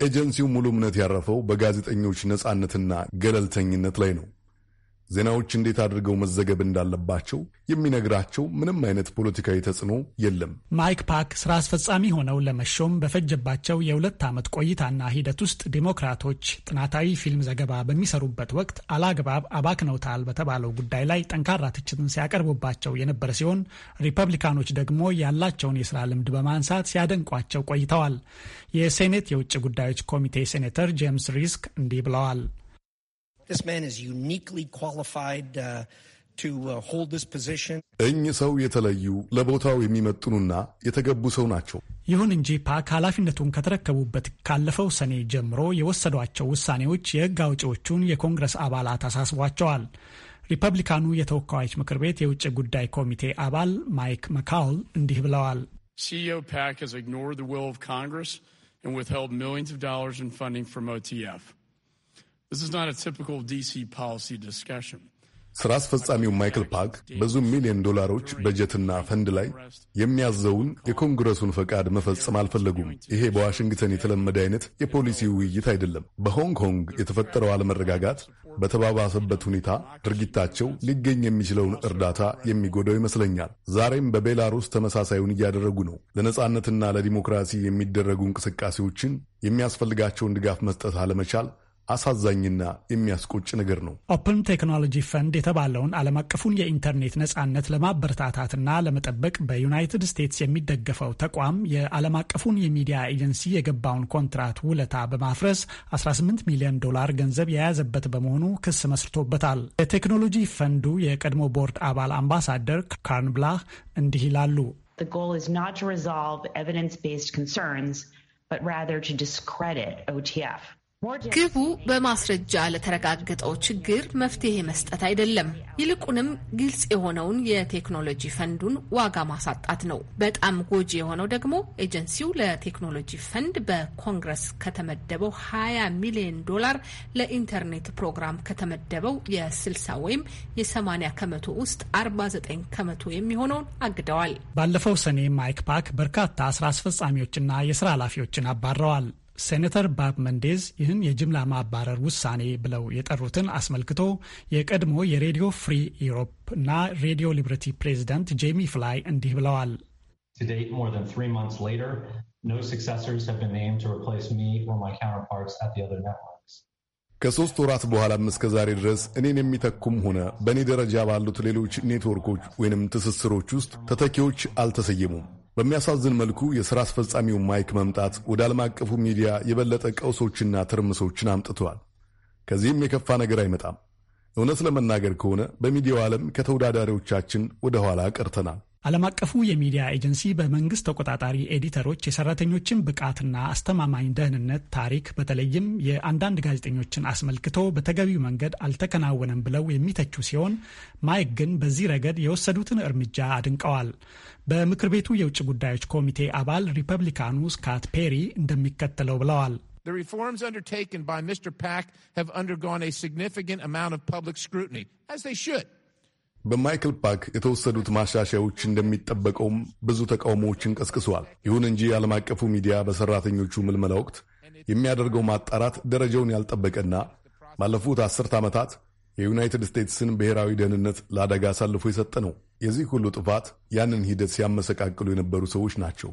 የኤጀንሲው ሙሉ እምነት ያረፈው በጋዜጠኞች ነጻነትና ገለልተኝነት ላይ ነው። ዜናዎች እንዴት አድርገው መዘገብ እንዳለባቸው የሚነግራቸው ምንም አይነት ፖለቲካዊ ተጽዕኖ የለም። ማይክ ፓክ ስራ አስፈጻሚ ሆነው ለመሾም በፈጀባቸው የሁለት ዓመት ቆይታና ሂደት ውስጥ ዲሞክራቶች ጥናታዊ ፊልም ዘገባ በሚሰሩበት ወቅት አላግባብ አባክነውታል በተባለው ጉዳይ ላይ ጠንካራ ትችትን ሲያቀርቡባቸው የነበረ ሲሆን ሪፐብሊካኖች ደግሞ ያላቸውን የስራ ልምድ በማንሳት ሲያደንቋቸው ቆይተዋል። የሴኔት የውጭ ጉዳዮች ኮሚቴ ሴኔተር ጄምስ ሪስክ እንዲህ ብለዋል። This man is uniquely qualified uh, to uh, hold this position. እኚህ ሰው የተለዩ ለቦታው የሚመጥኑና የተገቡ ሰው ናቸው። ይሁን እንጂ ፓክ ኃላፊነቱን ከተረከቡበት ካለፈው ሰኔ ጀምሮ የወሰዷቸው ውሳኔዎች የህግ አውጪዎቹን የኮንግረስ አባላት አሳስቧቸዋል። ሪፐብሊካኑ የተወካዮች ምክር ቤት የውጭ ጉዳይ ኮሚቴ አባል ማይክ መካውል እንዲህ ብለዋል። ሲኢኦ ፓክ e has ignored the will of Congress and withheld millions of dollars in funding from OTF. ስራ አስፈጻሚው ማይክል ፓክ ብዙ ሚሊዮን ዶላሮች በጀትና ፈንድ ላይ የሚያዘውን የኮንግረሱን ፈቃድ መፈጸም አልፈለጉም። ይሄ በዋሽንግተን የተለመደ አይነት የፖሊሲ ውይይት አይደለም። በሆንግ ኮንግ የተፈጠረው አለመረጋጋት በተባባሰበት ሁኔታ ድርጊታቸው ሊገኝ የሚችለውን እርዳታ የሚጎዳው ይመስለኛል። ዛሬም በቤላሩስ ተመሳሳዩን እያደረጉ ነው። ለነጻነትና ለዲሞክራሲ የሚደረጉ እንቅስቃሴዎችን የሚያስፈልጋቸውን ድጋፍ መስጠት አለመቻል አሳዛኝና የሚያስቆጭ ነገር ነው። ኦፕን ቴክኖሎጂ ፈንድ የተባለውን ዓለም አቀፉን የኢንተርኔት ነጻነት ለማበረታታትና ለመጠበቅ በዩናይትድ ስቴትስ የሚደገፈው ተቋም የዓለም አቀፉን የሚዲያ ኤጀንሲ የገባውን ኮንትራት ውለታ በማፍረስ 18 ሚሊዮን ዶላር ገንዘብ የያዘበት በመሆኑ ክስ መስርቶበታል። የቴክኖሎጂ ፈንዱ የቀድሞ ቦርድ አባል አምባሳደር ብላህ እንዲህ ይላሉ። but rather to discredit ኦቲፍ። ግቡ በማስረጃ ለተረጋገጠው ችግር መፍትሄ መስጠት አይደለም፣ ይልቁንም ግልጽ የሆነውን የቴክኖሎጂ ፈንዱን ዋጋ ማሳጣት ነው። በጣም ጎጂ የሆነው ደግሞ ኤጀንሲው ለቴክኖሎጂ ፈንድ በኮንግረስ ከተመደበው 20 ሚሊዮን ዶላር ለኢንተርኔት ፕሮግራም ከተመደበው የ60 ወይም የ80 ከመቶ ውስጥ 49 ከመቶ የሚሆነውን አግደዋል። ባለፈው ሰኔ ማይክ ፓክ በርካታ ስራ አስፈጻሚዎችና የስራ ኃላፊዎችን አባረዋል። ሴኔተር ባብ መንዴዝ ይህን የጅምላ ማባረር ውሳኔ ብለው የጠሩትን አስመልክቶ የቀድሞ የሬዲዮ ፍሪ ኢሮፕ እና ሬዲዮ ሊበርቲ ፕሬዚደንት ጄሚ ፍላይ እንዲህ ብለዋል። ከሶስት ወራት በኋላም እስከ ዛሬ ድረስ እኔን የሚተኩም ሆነ በእኔ ደረጃ ባሉት ሌሎች ኔትወርኮች ወይንም ትስስሮች ውስጥ ተተኪዎች አልተሰየሙም። በሚያሳዝን መልኩ የሥራ አስፈጻሚው ማይክ መምጣት ወደ ዓለም አቀፉ ሚዲያ የበለጠ ቀውሶችና ትርምሶችን አምጥተዋል። ከዚህም የከፋ ነገር አይመጣም። እውነት ለመናገር ከሆነ በሚዲያው ዓለም ከተወዳዳሪዎቻችን ወደ ኋላ ቀርተናል። ዓለም አቀፉ የሚዲያ ኤጀንሲ በመንግስት ተቆጣጣሪ ኤዲተሮች የሰራተኞችን ብቃትና አስተማማኝ ደህንነት ታሪክ በተለይም የአንዳንድ ጋዜጠኞችን አስመልክቶ በተገቢው መንገድ አልተከናወነም ብለው የሚተቹ ሲሆን ማይክ ግን በዚህ ረገድ የወሰዱትን እርምጃ አድንቀዋል። በምክር ቤቱ የውጭ ጉዳዮች ኮሚቴ አባል ሪፐብሊካኑ ስካት ፔሪ እንደሚከተለው ብለዋል። The reforms undertaken by Mr. Pack have undergone a significant amount of public scrutiny, as they should. በማይክል ፓክ የተወሰዱት ማሻሻያዎች እንደሚጠበቀውም ብዙ ተቃውሞዎችን ቀስቅሰዋል። ይሁን እንጂ የዓለም አቀፉ ሚዲያ በሠራተኞቹ ምልመላ ወቅት የሚያደርገው ማጣራት ደረጃውን ያልጠበቀና ባለፉት አስርት ዓመታት የዩናይትድ ስቴትስን ብሔራዊ ደህንነት ለአደጋ አሳልፎ የሰጠ ነው። የዚህ ሁሉ ጥፋት ያንን ሂደት ሲያመሰቃቅሉ የነበሩ ሰዎች ናቸው።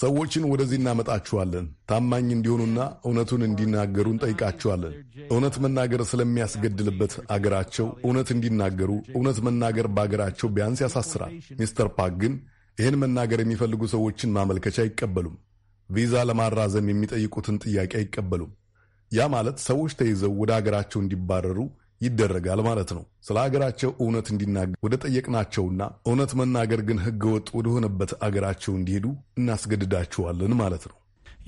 ሰዎችን ወደዚህ እናመጣችኋለን። ታማኝ እንዲሆኑና እውነቱን እንዲናገሩ እንጠይቃችኋለን። እውነት መናገር ስለሚያስገድልበት አገራቸው እውነት እንዲናገሩ፣ እውነት መናገር በአገራቸው ቢያንስ ያሳስራል። ሚስተር ፓክ ግን ይህን መናገር የሚፈልጉ ሰዎችን ማመልከቻ አይቀበሉም። ቪዛ ለማራዘም የሚጠይቁትን ጥያቄ አይቀበሉም። ያ ማለት ሰዎች ተይዘው ወደ አገራቸው እንዲባረሩ ይደረጋል ማለት ነው። ስለ ሀገራቸው እውነት እንዲናገር ወደ ጠየቅናቸውና እውነት መናገር ግን ህገወጥ ወደሆነበት አገራቸው እንዲሄዱ እናስገድዳቸዋለን ማለት ነው።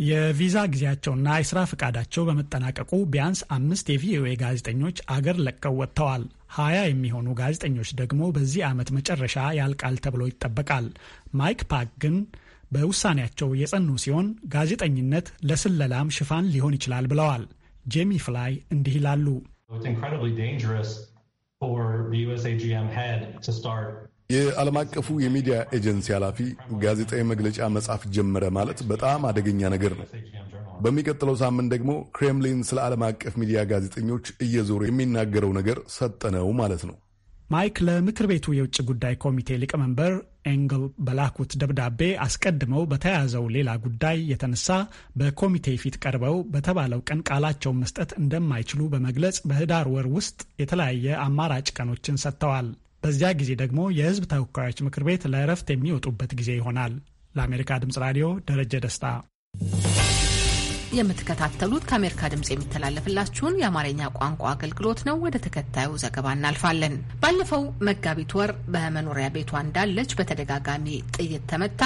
የቪዛ ጊዜያቸውና የስራ ፈቃዳቸው በመጠናቀቁ ቢያንስ አምስት የቪኦኤ ጋዜጠኞች አገር ለቀው ወጥተዋል። ሀያ የሚሆኑ ጋዜጠኞች ደግሞ በዚህ ዓመት መጨረሻ ያልቃል ተብሎ ይጠበቃል። ማይክ ፓክ ግን በውሳኔያቸው የጸኑ ሲሆን ጋዜጠኝነት ለስለላም ሽፋን ሊሆን ይችላል ብለዋል። ጄሚ ፍላይ እንዲህ ይላሉ። It's incredibly dangerous for the USAGM head to start የዓለም አቀፉ የሚዲያ ኤጀንሲ ኃላፊ ጋዜጣዊ መግለጫ መጻፍ ጀመረ ማለት በጣም አደገኛ ነገር ነው። በሚቀጥለው ሳምንት ደግሞ ክሬምሊን ስለ ዓለም አቀፍ ሚዲያ ጋዜጠኞች እየዞሩ የሚናገረው ነገር ሰጠነው ማለት ነው። ማይክ ለምክር ቤቱ የውጭ ጉዳይ ኮሚቴ ሊቀመንበር ኤንግል በላኩት ደብዳቤ አስቀድመው በተያያዘው ሌላ ጉዳይ የተነሳ በኮሚቴ ፊት ቀርበው በተባለው ቀን ቃላቸውን መስጠት እንደማይችሉ በመግለጽ በህዳር ወር ውስጥ የተለያየ አማራጭ ቀኖችን ሰጥተዋል። በዚያ ጊዜ ደግሞ የህዝብ ተወካዮች ምክር ቤት ለእረፍት የሚወጡበት ጊዜ ይሆናል። ለአሜሪካ ድምፅ ራዲዮ ደረጀ ደስታ የምትከታተሉት ከአሜሪካ ድምጽ የሚተላለፍላችሁን የአማርኛ ቋንቋ አገልግሎት ነው። ወደ ተከታዩ ዘገባ እናልፋለን። ባለፈው መጋቢት ወር በመኖሪያ ቤቷ እንዳለች በተደጋጋሚ ጥይት ተመታ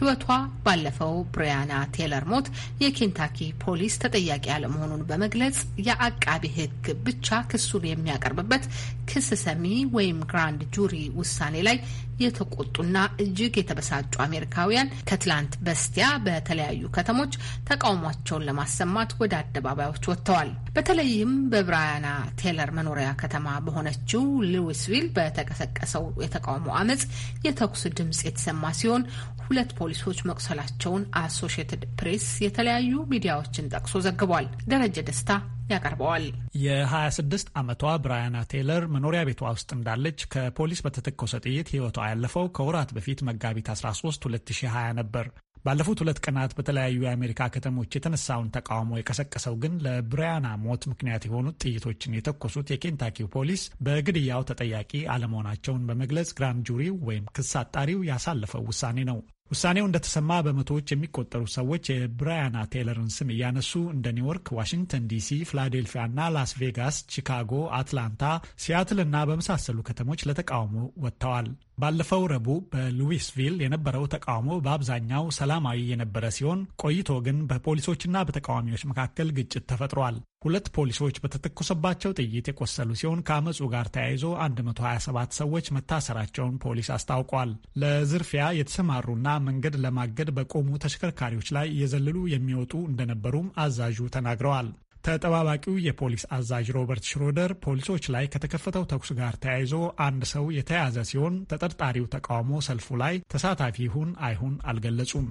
ሕይወቷ ባለፈው ብሪያና ቴለር ሞት የኬንታኪ ፖሊስ ተጠያቂ ያለመሆኑን በመግለጽ የአቃቢ ሕግ ብቻ ክሱን የሚያቀርብበት ክስ ሰሚ ወይም ግራንድ ጁሪ ውሳኔ ላይ የተቆጡና እጅግ የተበሳጩ አሜሪካውያን ከትላንት በስቲያ በተለያዩ ከተሞች ተቃውሟቸውን ለማሰማት ወደ አደባባዮች ወጥተዋል። በተለይም በብራያና ቴለር መኖሪያ ከተማ በሆነችው ሉዊስቪል በተቀሰቀሰው የተቃውሞ አመፅ የተኩስ ድምጽ የተሰማ ሲሆን ሁለት ፖሊሶች መቁሰላቸውን አሶሽየትድ ፕሬስ የተለያዩ ሚዲያዎችን ጠቅሶ ዘግቧል። ደረጀ ደስታ ያቀርበዋል። የ26 ዓመቷ ብራያና ቴይለር መኖሪያ ቤቷ ውስጥ እንዳለች ከፖሊስ በተተኮሰ ጥይት ሕይወቷ ያለፈው ከወራት በፊት መጋቢት 13 2020 ነበር። ባለፉት ሁለት ቀናት በተለያዩ የአሜሪካ ከተሞች የተነሳውን ተቃውሞ የቀሰቀሰው ግን ለብራያና ሞት ምክንያት የሆኑት ጥይቶችን የተኮሱት የኬንታኪው ፖሊስ በግድያው ተጠያቂ አለመሆናቸውን በመግለጽ ግራንድ ጁሪው ወይም ክስ አጣሪው ያሳለፈው ውሳኔ ነው። ውሳኔው እንደተሰማ በመቶዎች የሚቆጠሩ ሰዎች የብራያና ቴይለርን ስም እያነሱ እንደ ኒውዮርክ፣ ዋሽንግተን ዲሲ፣ ፊላዴልፊያና ላስ ቬጋስ፣ ቺካጎ፣ አትላንታ፣ ሲያትል እና በመሳሰሉ ከተሞች ለተቃውሞ ወጥተዋል። ባለፈው ረቡዕ በሉዊስቪል የነበረው ተቃውሞ በአብዛኛው ሰላማዊ የነበረ ሲሆን ቆይቶ ግን በፖሊሶችና በተቃዋሚዎች መካከል ግጭት ተፈጥሯል። ሁለት ፖሊሶች በተተኮሰባቸው ጥይት የቆሰሉ ሲሆን ከአመፁ ጋር ተያይዞ 127 ሰዎች መታሰራቸውን ፖሊስ አስታውቋል። ለዝርፊያ የተሰማሩና መንገድ ለማገድ በቆሙ ተሽከርካሪዎች ላይ እየዘለሉ የሚወጡ እንደነበሩም አዛዡ ተናግረዋል። ተጠባባቂው የፖሊስ አዛዥ ሮበርት ሽሮደር ፖሊሶች ላይ ከተከፈተው ተኩስ ጋር ተያይዞ አንድ ሰው የተያዘ ሲሆን ተጠርጣሪው ተቃውሞ ሰልፉ ላይ ተሳታፊ ይሁን አይሁን አልገለጹም።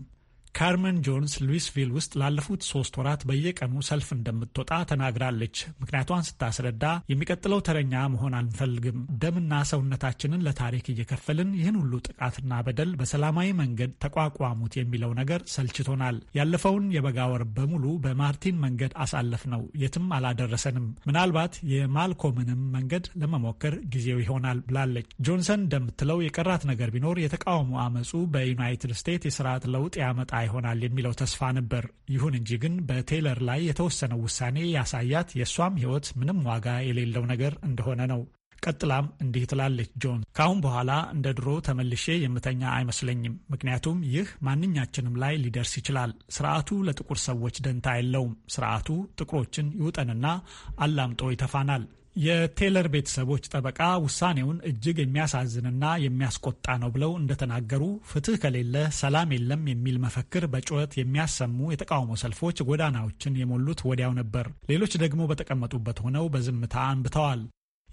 ካርመን ጆንስ ሉዊስቪል ውስጥ ላለፉት ሶስት ወራት በየቀኑ ሰልፍ እንደምትወጣ ተናግራለች። ምክንያቷን ስታስረዳ የሚቀጥለው ተረኛ መሆን አንፈልግም፣ ደምና ሰውነታችንን ለታሪክ እየከፈልን ይህን ሁሉ ጥቃትና በደል በሰላማዊ መንገድ ተቋቋሙት የሚለው ነገር ሰልችቶናል። ያለፈውን የበጋ ወር በሙሉ በማርቲን መንገድ አሳለፍ ነው። የትም አላደረሰንም። ምናልባት የማልኮምንም መንገድ ለመሞከር ጊዜው ይሆናል ብላለች። ጆንሰን እንደምትለው የቀራት ነገር ቢኖር የተቃውሞ አመፁ በዩናይትድ ስቴትስ የስርዓት ለውጥ ያመጣል ይሆናል የሚለው ተስፋ ነበር። ይሁን እንጂ ግን በቴለር ላይ የተወሰነው ውሳኔ ያሳያት የእሷም ሕይወት ምንም ዋጋ የሌለው ነገር እንደሆነ ነው። ቀጥላም እንዲህ ትላለች ጆን። ከአሁን በኋላ እንደ ድሮ ተመልሼ የምተኛ አይመስለኝም። ምክንያቱም ይህ ማንኛችንም ላይ ሊደርስ ይችላል። ስርዓቱ ለጥቁር ሰዎች ደንታ የለውም። ስርዓቱ ጥቁሮችን ይውጠንና አላምጦ ይተፋናል። የቴለር ቤተሰቦች ጠበቃ ውሳኔውን እጅግ የሚያሳዝንና የሚያስቆጣ ነው ብለው እንደተናገሩ ፍትህ ከሌለ ሰላም የለም የሚል መፈክር በጩኸት የሚያሰሙ የተቃውሞ ሰልፎች ጎዳናዎችን የሞሉት ወዲያው ነበር። ሌሎች ደግሞ በተቀመጡበት ሆነው በዝምታ አንብተዋል።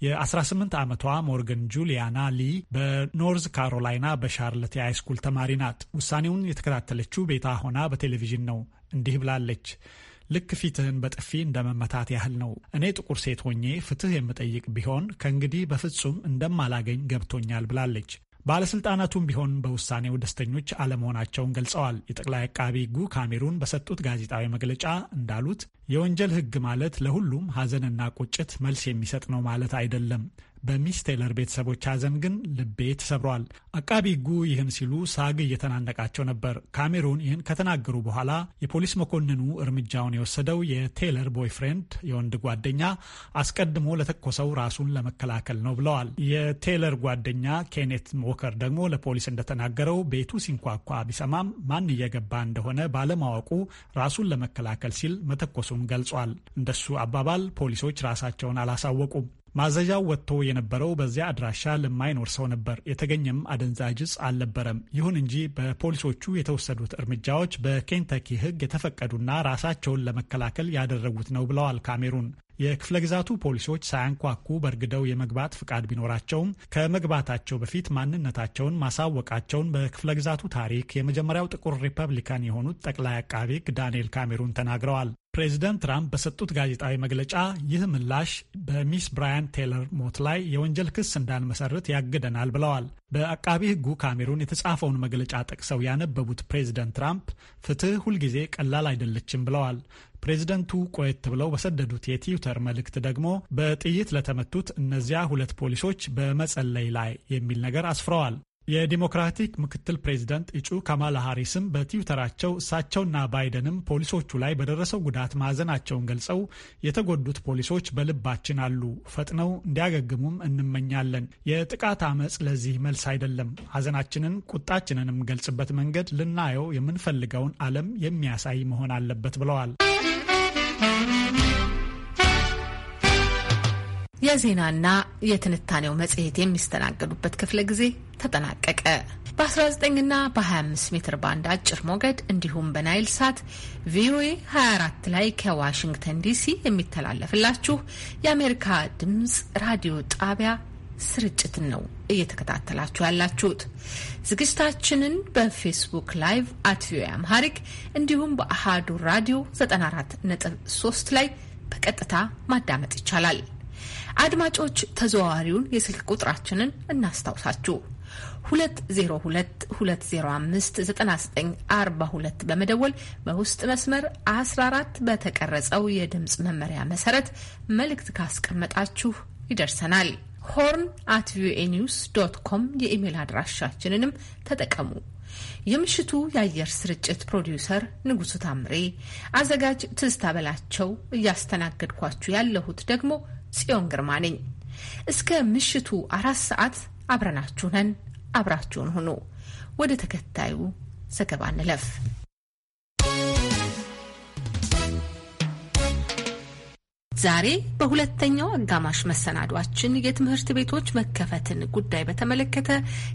የ18 ዓመቷ ሞርገን ጁሊያና ሊ በኖርዝ ካሮላይና በሻርለት የሃይስኩል ተማሪ ናት። ውሳኔውን የተከታተለችው ቤታ ሆና በቴሌቪዥን ነው። እንዲህ ብላለች። ልክ ፊትህን በጥፊ እንደመመታት ያህል ነው። እኔ ጥቁር ሴት ሆኜ ፍትህ የምጠይቅ ቢሆን ከእንግዲህ በፍጹም እንደማላገኝ ገብቶኛል ብላለች። ባለስልጣናቱም ቢሆን በውሳኔው ደስተኞች አለመሆናቸውን ገልጸዋል። የጠቅላይ አቃቢ ሕጉ ካሜሩን በሰጡት ጋዜጣዊ መግለጫ እንዳሉት የወንጀል ሕግ ማለት ለሁሉም ሐዘንና ቁጭት መልስ የሚሰጥ ነው ማለት አይደለም። በሚስ ቴይለር ቤተሰቦች ሐዘን ግን ልቤ ተሰብሯል። አቃቢ ሕጉ ይህን ሲሉ ሳግ እየተናነቃቸው ነበር። ካሜሩን ይህን ከተናገሩ በኋላ የፖሊስ መኮንኑ እርምጃውን የወሰደው የቴይለር ቦይፍሬንድ የወንድ ጓደኛ አስቀድሞ ለተኮሰው ራሱን ለመከላከል ነው ብለዋል። የቴይለር ጓደኛ ኬኔት ሞከር ደግሞ ለፖሊስ እንደተናገረው ቤቱ ሲንኳኳ ቢሰማም ማን እየገባ እንደሆነ ባለማወቁ ራሱን ለመከላከል ሲል መተኮሱን ገልጿል። እንደሱ አባባል ፖሊሶች ራሳቸውን አላሳወቁም። ማዘዣው ወጥቶ የነበረው በዚያ አድራሻ ለማይኖር ሰው ነበር። የተገኘም አደንዛዥ እጽ አልነበረም። ይሁን እንጂ በፖሊሶቹ የተወሰዱት እርምጃዎች በኬንተኪ ሕግ የተፈቀዱና ራሳቸውን ለመከላከል ያደረጉት ነው ብለዋል ካሜሩን። የክፍለ ግዛቱ ፖሊሶች ሳያንኳኩ በእርግደው የመግባት ፍቃድ ቢኖራቸውም ከመግባታቸው በፊት ማንነታቸውን ማሳወቃቸውን በክፍለ ግዛቱ ታሪክ የመጀመሪያው ጥቁር ሪፐብሊካን የሆኑት ጠቅላይ አቃቤ ሕግ ዳንኤል ካሜሩን ተናግረዋል። ፕሬዚደንት ትራምፕ በሰጡት ጋዜጣዊ መግለጫ ይህ ምላሽ በሚስ ብራያን ቴለር ሞት ላይ የወንጀል ክስ እንዳንመሰርት ያግደናል ብለዋል። በአቃቢ ሕጉ ካሜሩን የተጻፈውን መግለጫ ጠቅሰው ያነበቡት ፕሬዚደንት ትራምፕ ፍትህ ሁልጊዜ ቀላል አይደለችም ብለዋል። ፕሬዚደንቱ ቆየት ብለው በሰደዱት የትዊተር መልእክት ደግሞ በጥይት ለተመቱት እነዚያ ሁለት ፖሊሶች በመጸለይ ላይ የሚል ነገር አስፍረዋል። የዲሞክራቲክ ምክትል ፕሬዚደንት እጩ ካማላ ሃሪስም በትዊተራቸው እሳቸውና ባይደንም ፖሊሶቹ ላይ በደረሰው ጉዳት ማዘናቸውን ገልጸው የተጎዱት ፖሊሶች በልባችን አሉ፣ ፈጥነው እንዲያገግሙም እንመኛለን። የጥቃት አመፅ ለዚህ መልስ አይደለም። ሀዘናችንን፣ ቁጣችንን የምንገልጽበት መንገድ ልናየው የምንፈልገውን ዓለም የሚያሳይ መሆን አለበት ብለዋል። የዜናና የትንታኔው መጽሔት የሚስተናገዱበት ክፍለ ጊዜ ተጠናቀቀ። በ19ና በ25 ሜትር ባንድ አጭር ሞገድ እንዲሁም በናይል ሳት ቪኦኤ 24 ላይ ከዋሽንግተን ዲሲ የሚተላለፍላችሁ የአሜሪካ ድምፅ ራዲዮ ጣቢያ ስርጭትን ነው እየተከታተላችሁ ያላችሁት። ዝግጅታችንን በፌስቡክ ላይቭ አት ቪኦኤ አምሃሪክ እንዲሁም በአሃዱ ራዲዮ 94.3 ላይ በቀጥታ ማዳመጥ ይቻላል። አድማጮች ተዘዋዋሪውን የስልክ ቁጥራችንን እናስታውሳችሁ 2022059942 በመደወል በውስጥ መስመር 14 በተቀረጸው የድምፅ መመሪያ መሰረት መልእክት ካስቀመጣችሁ ይደርሰናል። ሆርን አት ቪኦኤ ኒውስ ዶት ኮም የኢሜል አድራሻችንንም ተጠቀሙ። የምሽቱ የአየር ስርጭት ፕሮዲውሰር ንጉሱ ታምሬ፣ አዘጋጅ ትዝታ በላቸው፣ እያስተናገድኳችሁ ያለሁት ደግሞ ጽዮን ግርማ ነኝ። እስከ ምሽቱ አራት ሰዓት አብረናችሁ ነን። አብራችሁን ሁኑ። ወደ ተከታዩ ዘገባ እንለፍ። ዛሬ በሁለተኛው አጋማሽ መሰናዷችን የትምህርት ቤቶች መከፈትን ጉዳይ በተመለከተ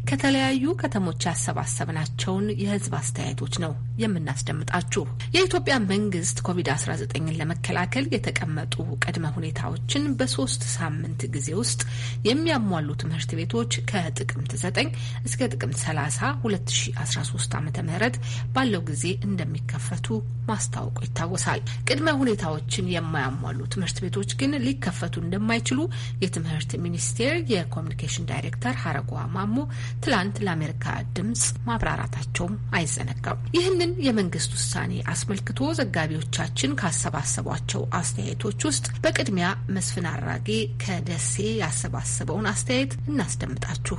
ከተለያዩ ከተሞች ያሰባሰብናቸውን የሕዝብ አስተያየቶች ነው የምናስደምጣችሁ። የኢትዮጵያ መንግስት ኮቪድ-19ን ለመከላከል የተቀመጡ ቅድመ ሁኔታዎችን በሶስት ሳምንት ጊዜ ውስጥ የሚያሟሉ ትምህርት ቤቶች ከጥቅምት 9 እስከ ጥቅምት 30 2013 ዓ ም ባለው ጊዜ እንደሚከፈቱ ማስታወቁ ይታወሳል። ቅድመ ሁኔታዎችን የማያሟሉ ትምህርት ትምህርት ቤቶች ግን ሊከፈቱ እንደማይችሉ የትምህርት ሚኒስቴር የኮሚኒኬሽን ዳይሬክተር ሀረጓ ማሞ ትላንት ለአሜሪካ ድምጽ ማብራራታቸውም አይዘነጋም። ይህንን የመንግስት ውሳኔ አስመልክቶ ዘጋቢዎቻችን ካሰባሰቧቸው አስተያየቶች ውስጥ በቅድሚያ መስፍን አራጌ ከደሴ ያሰባሰበውን አስተያየት እናስደምጣችሁ።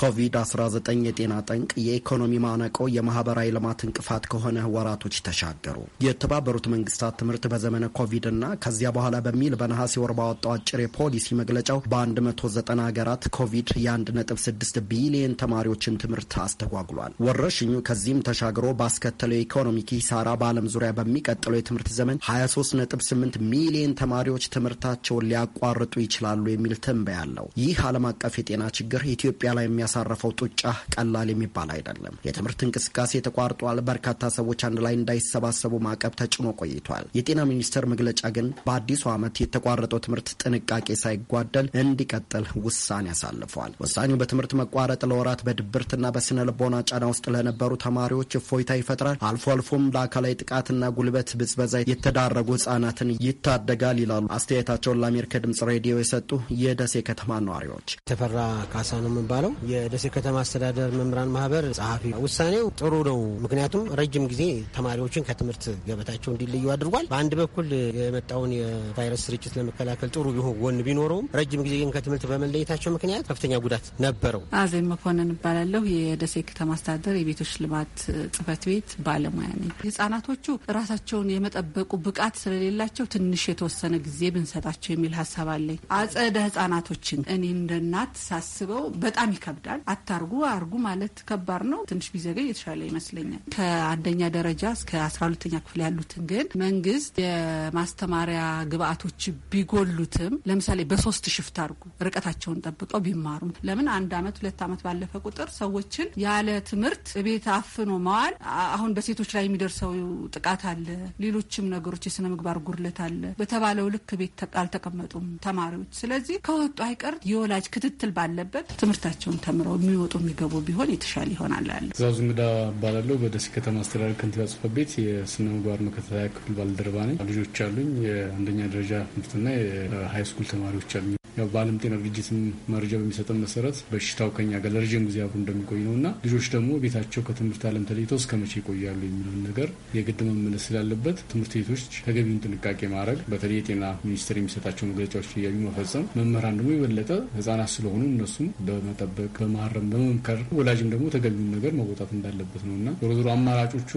ኮቪድ-19 የጤና ጠንቅ፣ የኢኮኖሚ ማነቆ፣ የማህበራዊ ልማት እንቅፋት ከሆነ ወራቶች ተሻገሩ። የተባበሩት መንግስታት ትምህርት በዘመነ ኮቪድ እና ከዚያ በኋላ በሚል በነሐሴ ወር ባወጣው አጭር የፖሊሲ መግለጫው በ190 ሀገራት ኮቪድ የ1.6 ቢሊየን ተማሪዎችን ትምህርት አስተጓጉሏል። ወረርሽኙ ከዚህም ተሻግሮ ባስከተለው የኢኮኖሚ ኪሳራ በዓለም ዙሪያ በሚቀጥለው የትምህርት ዘመን 23.8 ሚሊየን ተማሪዎች ትምህርታቸውን ሊያቋርጡ ይችላሉ የሚል ትንበያ አለው። ይህ ዓለም አቀፍ የጤና ችግር ኢትዮጵያ ላይ የሚያሳረፈው ጡጫ ቀላል የሚባል አይደለም። የትምህርት እንቅስቃሴ ተቋርጧል። በርካታ ሰዎች አንድ ላይ እንዳይሰባሰቡ ማዕቀብ ተጭኖ ቆይቷል። የጤና ሚኒስቴር መግለጫ ግን በአዲሱ ዓመት የተቋረጠው ትምህርት ጥንቃቄ ሳይጓደል እንዲቀጥል ውሳኔ አሳልፏል። ውሳኔው በትምህርት መቋረጥ ለወራት በድብርትና በስነ ልቦና ጫና ውስጥ ለነበሩ ተማሪዎች እፎይታ ይፈጥራል፣ አልፎ አልፎም ለአካላዊ ጥቃትና ጉልበት ብዝበዛ የተዳረጉ ህጻናትን ይታደጋል ይላሉ አስተያየታቸውን ለአሜሪካ ድምጽ ሬዲዮ የሰጡ የደሴ ከተማ ነዋሪዎች። ተፈራ ካሳ ነው የምባለው የደሴ ከተማ አስተዳደር መምህራን ማህበር ጸሐፊ ውሳኔው ጥሩ ነው። ምክንያቱም ረጅም ጊዜ ተማሪዎችን ከትምህርት ገበታቸው እንዲለዩ አድርጓል። በአንድ በኩል የመጣውን የቫይረስ ስርጭት ለመከላከል ጥሩ ቢሆን ጎን ቢኖረውም ረጅም ጊዜ ግን ከትምህርት በመለየታቸው ምክንያት ከፍተኛ ጉዳት ነበረው። አዜብ መኮንን እባላለሁ። የደሴ ከተማ አስተዳደር የቤቶች ልማት ጽህፈት ቤት ባለሙያ ነኝ። ህጻናቶቹ ራሳቸውን የመጠበቁ ብቃት ስለሌላቸው ትንሽ የተወሰነ ጊዜ ብንሰጣቸው የሚል ሀሳብ አለኝ። አጸደ ህጻናቶችን እኔ እንደ እናት ሳስበው በጣም ይከብዳል። ይከብዳል። አታርጉ አርጉ ማለት ከባድ ነው። ትንሽ ቢዘገይ የተሻለ ይመስለኛል። ከአንደኛ ደረጃ እስከ አስራ ሁለተኛ ክፍል ያሉትን ግን መንግስት የማስተማሪያ ግብአቶች ቢጎሉትም ለምሳሌ በሶስት ሽፍት አርጉ ርቀታቸውን ጠብቀው ቢማሩ ለምን አንድ አመት ሁለት አመት ባለፈ ቁጥር ሰዎችን ያለ ትምህርት ቤት አፍኖ መዋል አሁን በሴቶች ላይ የሚደርሰው ጥቃት አለ፣ ሌሎችም ነገሮች የስነ ምግባር ጉድለት አለ። በተባለው ልክ ቤት አልተቀመጡም ተማሪዎች። ስለዚህ ከወጡ አይቀር የወላጅ ክትትል ባለበት ትምህርታቸውን ተምረው የሚወጡ የሚገቡ ቢሆን የተሻለ ይሆናል ያለ ትእዛዙ እንግዳ እባላለሁ። በደሴ ከተማ አስተዳደር ከንቲባ ጽሕፈት ቤት የስነ ምግባር መከታተያ ክፍል ባልደረባ ነኝ። ልጆች አሉኝ። የአንደኛ ደረጃ ትምህርትና የሀይ ስኩል ተማሪዎች አሉኝ። ያው በዓለም ጤና ድርጅት መረጃ በሚሰጠን መሰረት በሽታው ከኛ ጋር ለረጅም ጊዜ አብሮ እንደሚቆይ ነው እና ልጆች ደግሞ ቤታቸው ከትምህርት ዓለም ተለይተው እስከ መቼ ይቆያሉ የሚለውን ነገር የግድ መመለስ ስላለበት ትምህርት ቤቶች ተገቢውን ጥንቃቄ ማድረግ፣ በተለይ የጤና ሚኒስቴር የሚሰጣቸው መግለጫዎች እያዩ መፈጸም፣ መምህራን ደግሞ የበለጠ ህጻናት ስለሆኑ እነሱም በመጠበቅ በማረም በመምከር ወላጅም ደግሞ ተገቢውን ነገር መወጣት እንዳለበት ነው እና ዞሮ ዞሮ አማራጮቹ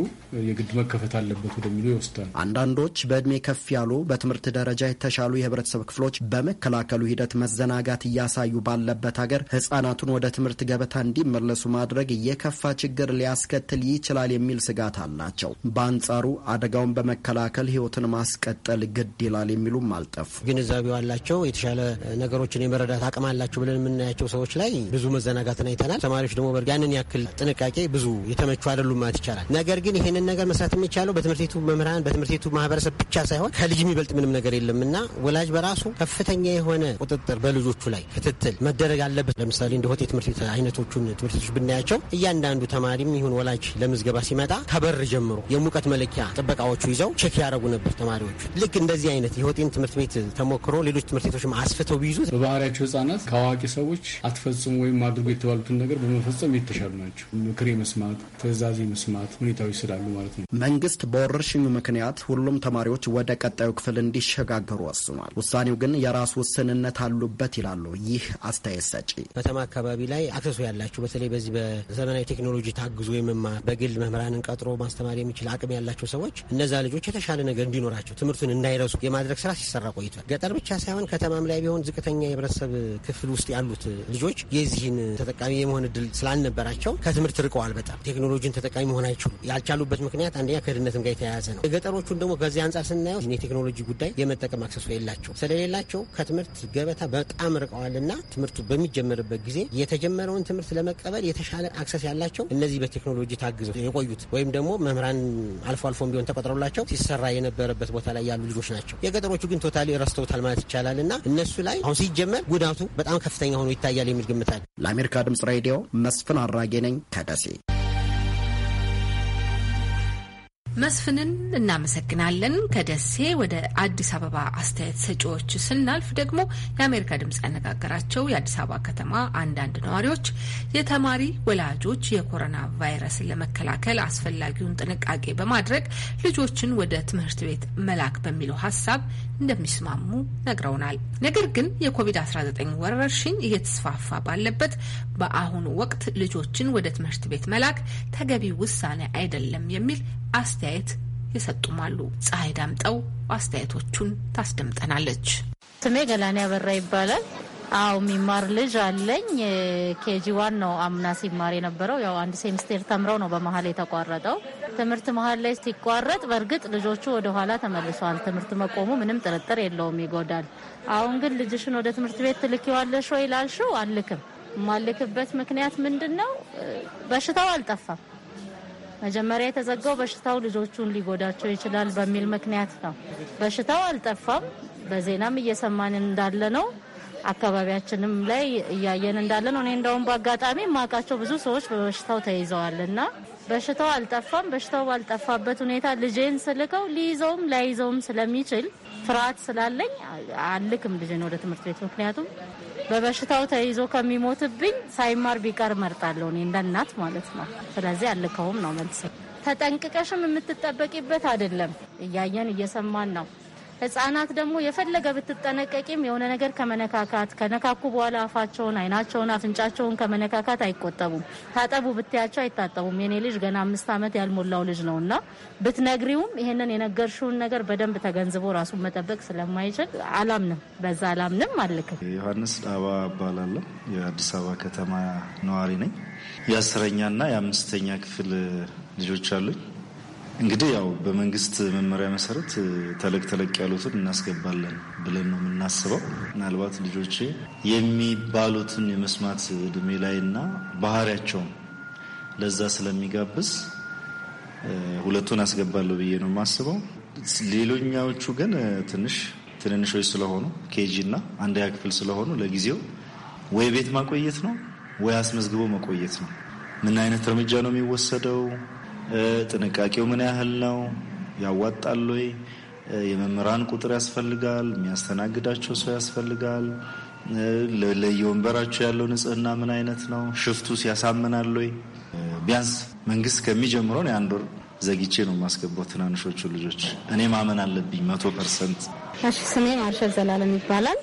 የግድ መከፈት አለበት ወደሚለው ይወስዳል። አንዳንዶች በእድሜ ከፍ ያሉ በትምህርት ደረጃ የተሻሉ የህብረተሰብ ክፍሎች በመከላከሉ ሂደት መዘናጋት እያሳዩ ባለበት ሀገር ህጻናቱን ወደ ትምህርት ገበታ እንዲመለሱ ማድረግ የከፋ ችግር ሊያስከትል ይችላል የሚል ስጋት አላቸው። በአንጻሩ አደጋውን በመከላከል ህይወትን ማስቀጠል ግድ ይላል የሚሉም አልጠፉ። ግንዛቤው አላቸው የተሻለ ነገሮችን የመረዳት አቅም አላቸው ብለን የምናያቸው ሰዎች ላይ ብዙ መዘና መዘናጋትን አይተናል። ተማሪዎች ደግሞ ያንን ያክል ጥንቃቄ ብዙ የተመቹ አይደሉም ማለት ይቻላል። ነገር ግን ይህንን ነገር መስራት የሚቻለው በትምህርት ቤቱ መምህራን፣ በትምህርት ቤቱ ማህበረሰብ ብቻ ሳይሆን ከልጅ የሚበልጥ ምንም ነገር የለም እና ወላጅ በራሱ ከፍተኛ የሆነ ቁጥጥር በልጆቹ ላይ ክትትል መደረግ አለበት። ለምሳሌ እንደ ሆቴ ትምህርት ቤት አይነቶቹን ትምህርት ቤቶች ብናያቸው እያንዳንዱ ተማሪም ይሁን ወላጅ ለምዝገባ ሲመጣ ከበር ጀምሮ የሙቀት መለኪያ ጥበቃዎቹ ይዘው ቼክ ያደረጉ ነበር ተማሪዎቹ። ልክ እንደዚህ አይነት የሆቴን ትምህርት ቤት ተሞክሮ ሌሎች ትምህርት ቤቶችም አስፍተው ቢይዙት በባህሪያቸው ህጻናት ከአዋቂ ሰዎች አትፈጽሙ ወይም አድርጉ የተባሉትን ነገር በመፈጸም የተሻሉ ናቸው። ምክር መስማት፣ ትዕዛዝ መስማት ሁኔታዎች ስላሉ ማለት ነው። መንግስት በወረርሽኙ ምክንያት ሁሉም ተማሪዎች ወደ ቀጣዩ ክፍል እንዲሸጋገሩ ወስኗል። ውሳኔው ግን የራሱ ውስንነት አሉበት ይላሉ ይህ አስተያየት ሰጪ። ከተማ አካባቢ ላይ አክሰሱ ያላቸው በተለይ በዚህ በዘመናዊ ቴክኖሎጂ ታግዞ የመማር በግል መምህራንን ቀጥሮ ማስተማር የሚችል አቅም ያላቸው ሰዎች እነዛ ልጆች የተሻለ ነገር እንዲኖራቸው ትምህርቱን እንዳይረሱ የማድረግ ስራ ሲሰራ ቆይቷል። ገጠር ብቻ ሳይሆን ከተማም ላይ ቢሆን ዝቅተኛ የህብረተሰብ ክፍል ውስጥ ያሉት ልጆች የዚህን ተጠቃሚ የመሆን እድል ስላልነበራቸው ከትምህርት ርቀዋል። በጣም ቴክኖሎጂን ተጠቃሚ መሆን አይችሉም። ያልቻሉበት ምክንያት አንደኛ ከድህነትም ጋር የተያያዘ ነው። የገጠሮቹን ደግሞ ከዚህ አንጻር ስናየው የቴክኖሎጂ ጉዳይ የመጠቀም አክሰሶ የላቸው ስለሌላቸው ከትምህርት ገበታ በጣም ርቀዋልና ትምህርቱ በሚጀመርበት ጊዜ የተጀመረውን ትምህርት ለመቀበል የተሻለ አክሰስ ያላቸው እነዚህ በቴክኖሎጂ ታግዘው የቆዩት ወይም ደግሞ መምህራን አልፎ አልፎ ቢሆን ተቆጥሮላቸው ሲሰራ የነበረበት ቦታ ላይ ያሉ ልጆች ናቸው። የገጠሮቹ ግን ቶታሊ ረስተውታል ማለት ይቻላል እና እነሱ ላይ አሁን ሲጀመር ጉዳቱ በጣም ከፍተኛ ሆኖ ይታያል የሚል ግምታል። ለአሜሪካ ድምፅ ሬዲዮ መስፍን አራጌ ነኝ ከደሴ መስፍንን እናመሰግናለን። ከደሴ ወደ አዲስ አበባ አስተያየት ሰጪዎች ስናልፍ ደግሞ የአሜሪካ ድምጽ ያነጋገራቸው የአዲስ አበባ ከተማ አንዳንድ ነዋሪዎች የተማሪ ወላጆች የኮሮና ቫይረስን ለመከላከል አስፈላጊውን ጥንቃቄ በማድረግ ልጆችን ወደ ትምህርት ቤት መላክ በሚለው ሀሳብ እንደሚስማሙ ነግረውናል። ነገር ግን የኮቪድ-19 ወረርሽኝ እየተስፋፋ ባለበት በአሁኑ ወቅት ልጆችን ወደ ትምህርት ቤት መላክ ተገቢ ውሳኔ አይደለም የሚል አስተያየት አስተያየት የሰጡማሉ። ፀሐይ ዳምጠው አስተያየቶቹን ታስደምጠናለች። ስሜ ገላኔ አበራ ይባላል። አው የሚማር ልጅ አለኝ። ኬጂ ዋን ነው አምና ሲማር የነበረው። ያው አንድ ሴምስቴር ተምረው ነው በመሀል የተቋረጠው ትምህርት። መሀል ላይ ሲቋረጥ በእርግጥ ልጆቹ ወደኋላ ተመልሰዋል። ትምህርት መቆሙ ምንም ጥርጥር የለውም ይጎዳል። አሁን ግን ልጅሽን ወደ ትምህርት ቤት ትልኪዋለሽ ወይ ላልሽው፣ አልክም። ምክንያት ምንድን ነው? በሽታው አልጠፋም። መጀመሪያ የተዘጋው በሽታው ልጆቹን ሊጎዳቸው ይችላል በሚል ምክንያት ነው። በሽታው አልጠፋም። በዜናም እየሰማን እንዳለ ነው። አካባቢያችንም ላይ እያየን እንዳለ ነው። እኔ እንደውም በአጋጣሚ ማቃቸው ብዙ ሰዎች በበሽታው ተይዘዋል እና በሽታው አልጠፋም። በሽታው ባልጠፋበት ሁኔታ ልጄን ስልከው ሊይዘውም ላይይዘውም ስለሚችል ፍርሃት ስላለኝ አልክም ልጄን ወደ ትምህርት ቤት ምክንያቱም በበሽታው ተይዞ ከሚሞትብኝ ሳይማር ቢቀር መርጣለሁ። እኔ እንደ እናት ማለት ነው። ስለዚህ አልከውም ነው መልስ። ተጠንቅቀሽም የምትጠበቂበት አይደለም። እያየን እየሰማን ነው። ህጻናት ደግሞ የፈለገ ብትጠነቀቂም የሆነ ነገር ከመነካካት ከነካኩ በኋላ አፋቸውን፣ አይናቸውን፣ አፍንጫቸውን ከመነካካት አይቆጠቡም። ታጠቡ ብትያቸው አይታጠቡም። የኔ ልጅ ገና አምስት ዓመት ያልሞላው ልጅ ነው እና ብትነግሪውም ይሄንን የነገርሽውን ነገር በደንብ ተገንዝቦ ራሱን መጠበቅ ስለማይችል አላምንም፣ በዛ አላምንም አልክም። ዮሐንስ ዳባ እባላለሁ። የአዲስ አበባ ከተማ ነዋሪ ነኝ። የአስረኛና የአምስተኛ ክፍል ልጆች አሉኝ። እንግዲህ ያው በመንግስት መመሪያ መሰረት ተለቅ ተለቅ ያሉትን እናስገባለን ብለን ነው የምናስበው። ምናልባት ልጆቼ የሚባሉትን የመስማት እድሜ ላይ እና ባህሪያቸውን ለዛ ስለሚጋብዝ ሁለቱን አስገባለሁ ብዬ ነው የማስበው። ሌሎኛዎቹ ግን ትንሽ ትንንሾች ስለሆኑ ኬጂ እና አንደኛ ክፍል ስለሆኑ ለጊዜው ወይ ቤት ማቆየት ነው ወይ አስመዝግቦ መቆየት ነው። ምን አይነት እርምጃ ነው የሚወሰደው ጥንቃቄው ምን ያህል ነው? ያዋጣል ወይ? የመምህራን ቁጥር ያስፈልጋል። የሚያስተናግዳቸው ሰው ያስፈልጋል። ለየወንበራቸው ያለው ንጽህና ምን አይነት ነው? ሽፍቱስ ያሳምናል ወይ? ቢያንስ መንግስት ከሚጀምረው የአንድ ወር ዘግቼ ነው የማስገባው ትናንሾቹ ልጆች። እኔ ማመን አለብኝ መቶ ፐርሰንት። ስሜ ማርሻል ዘላለም ይባላል።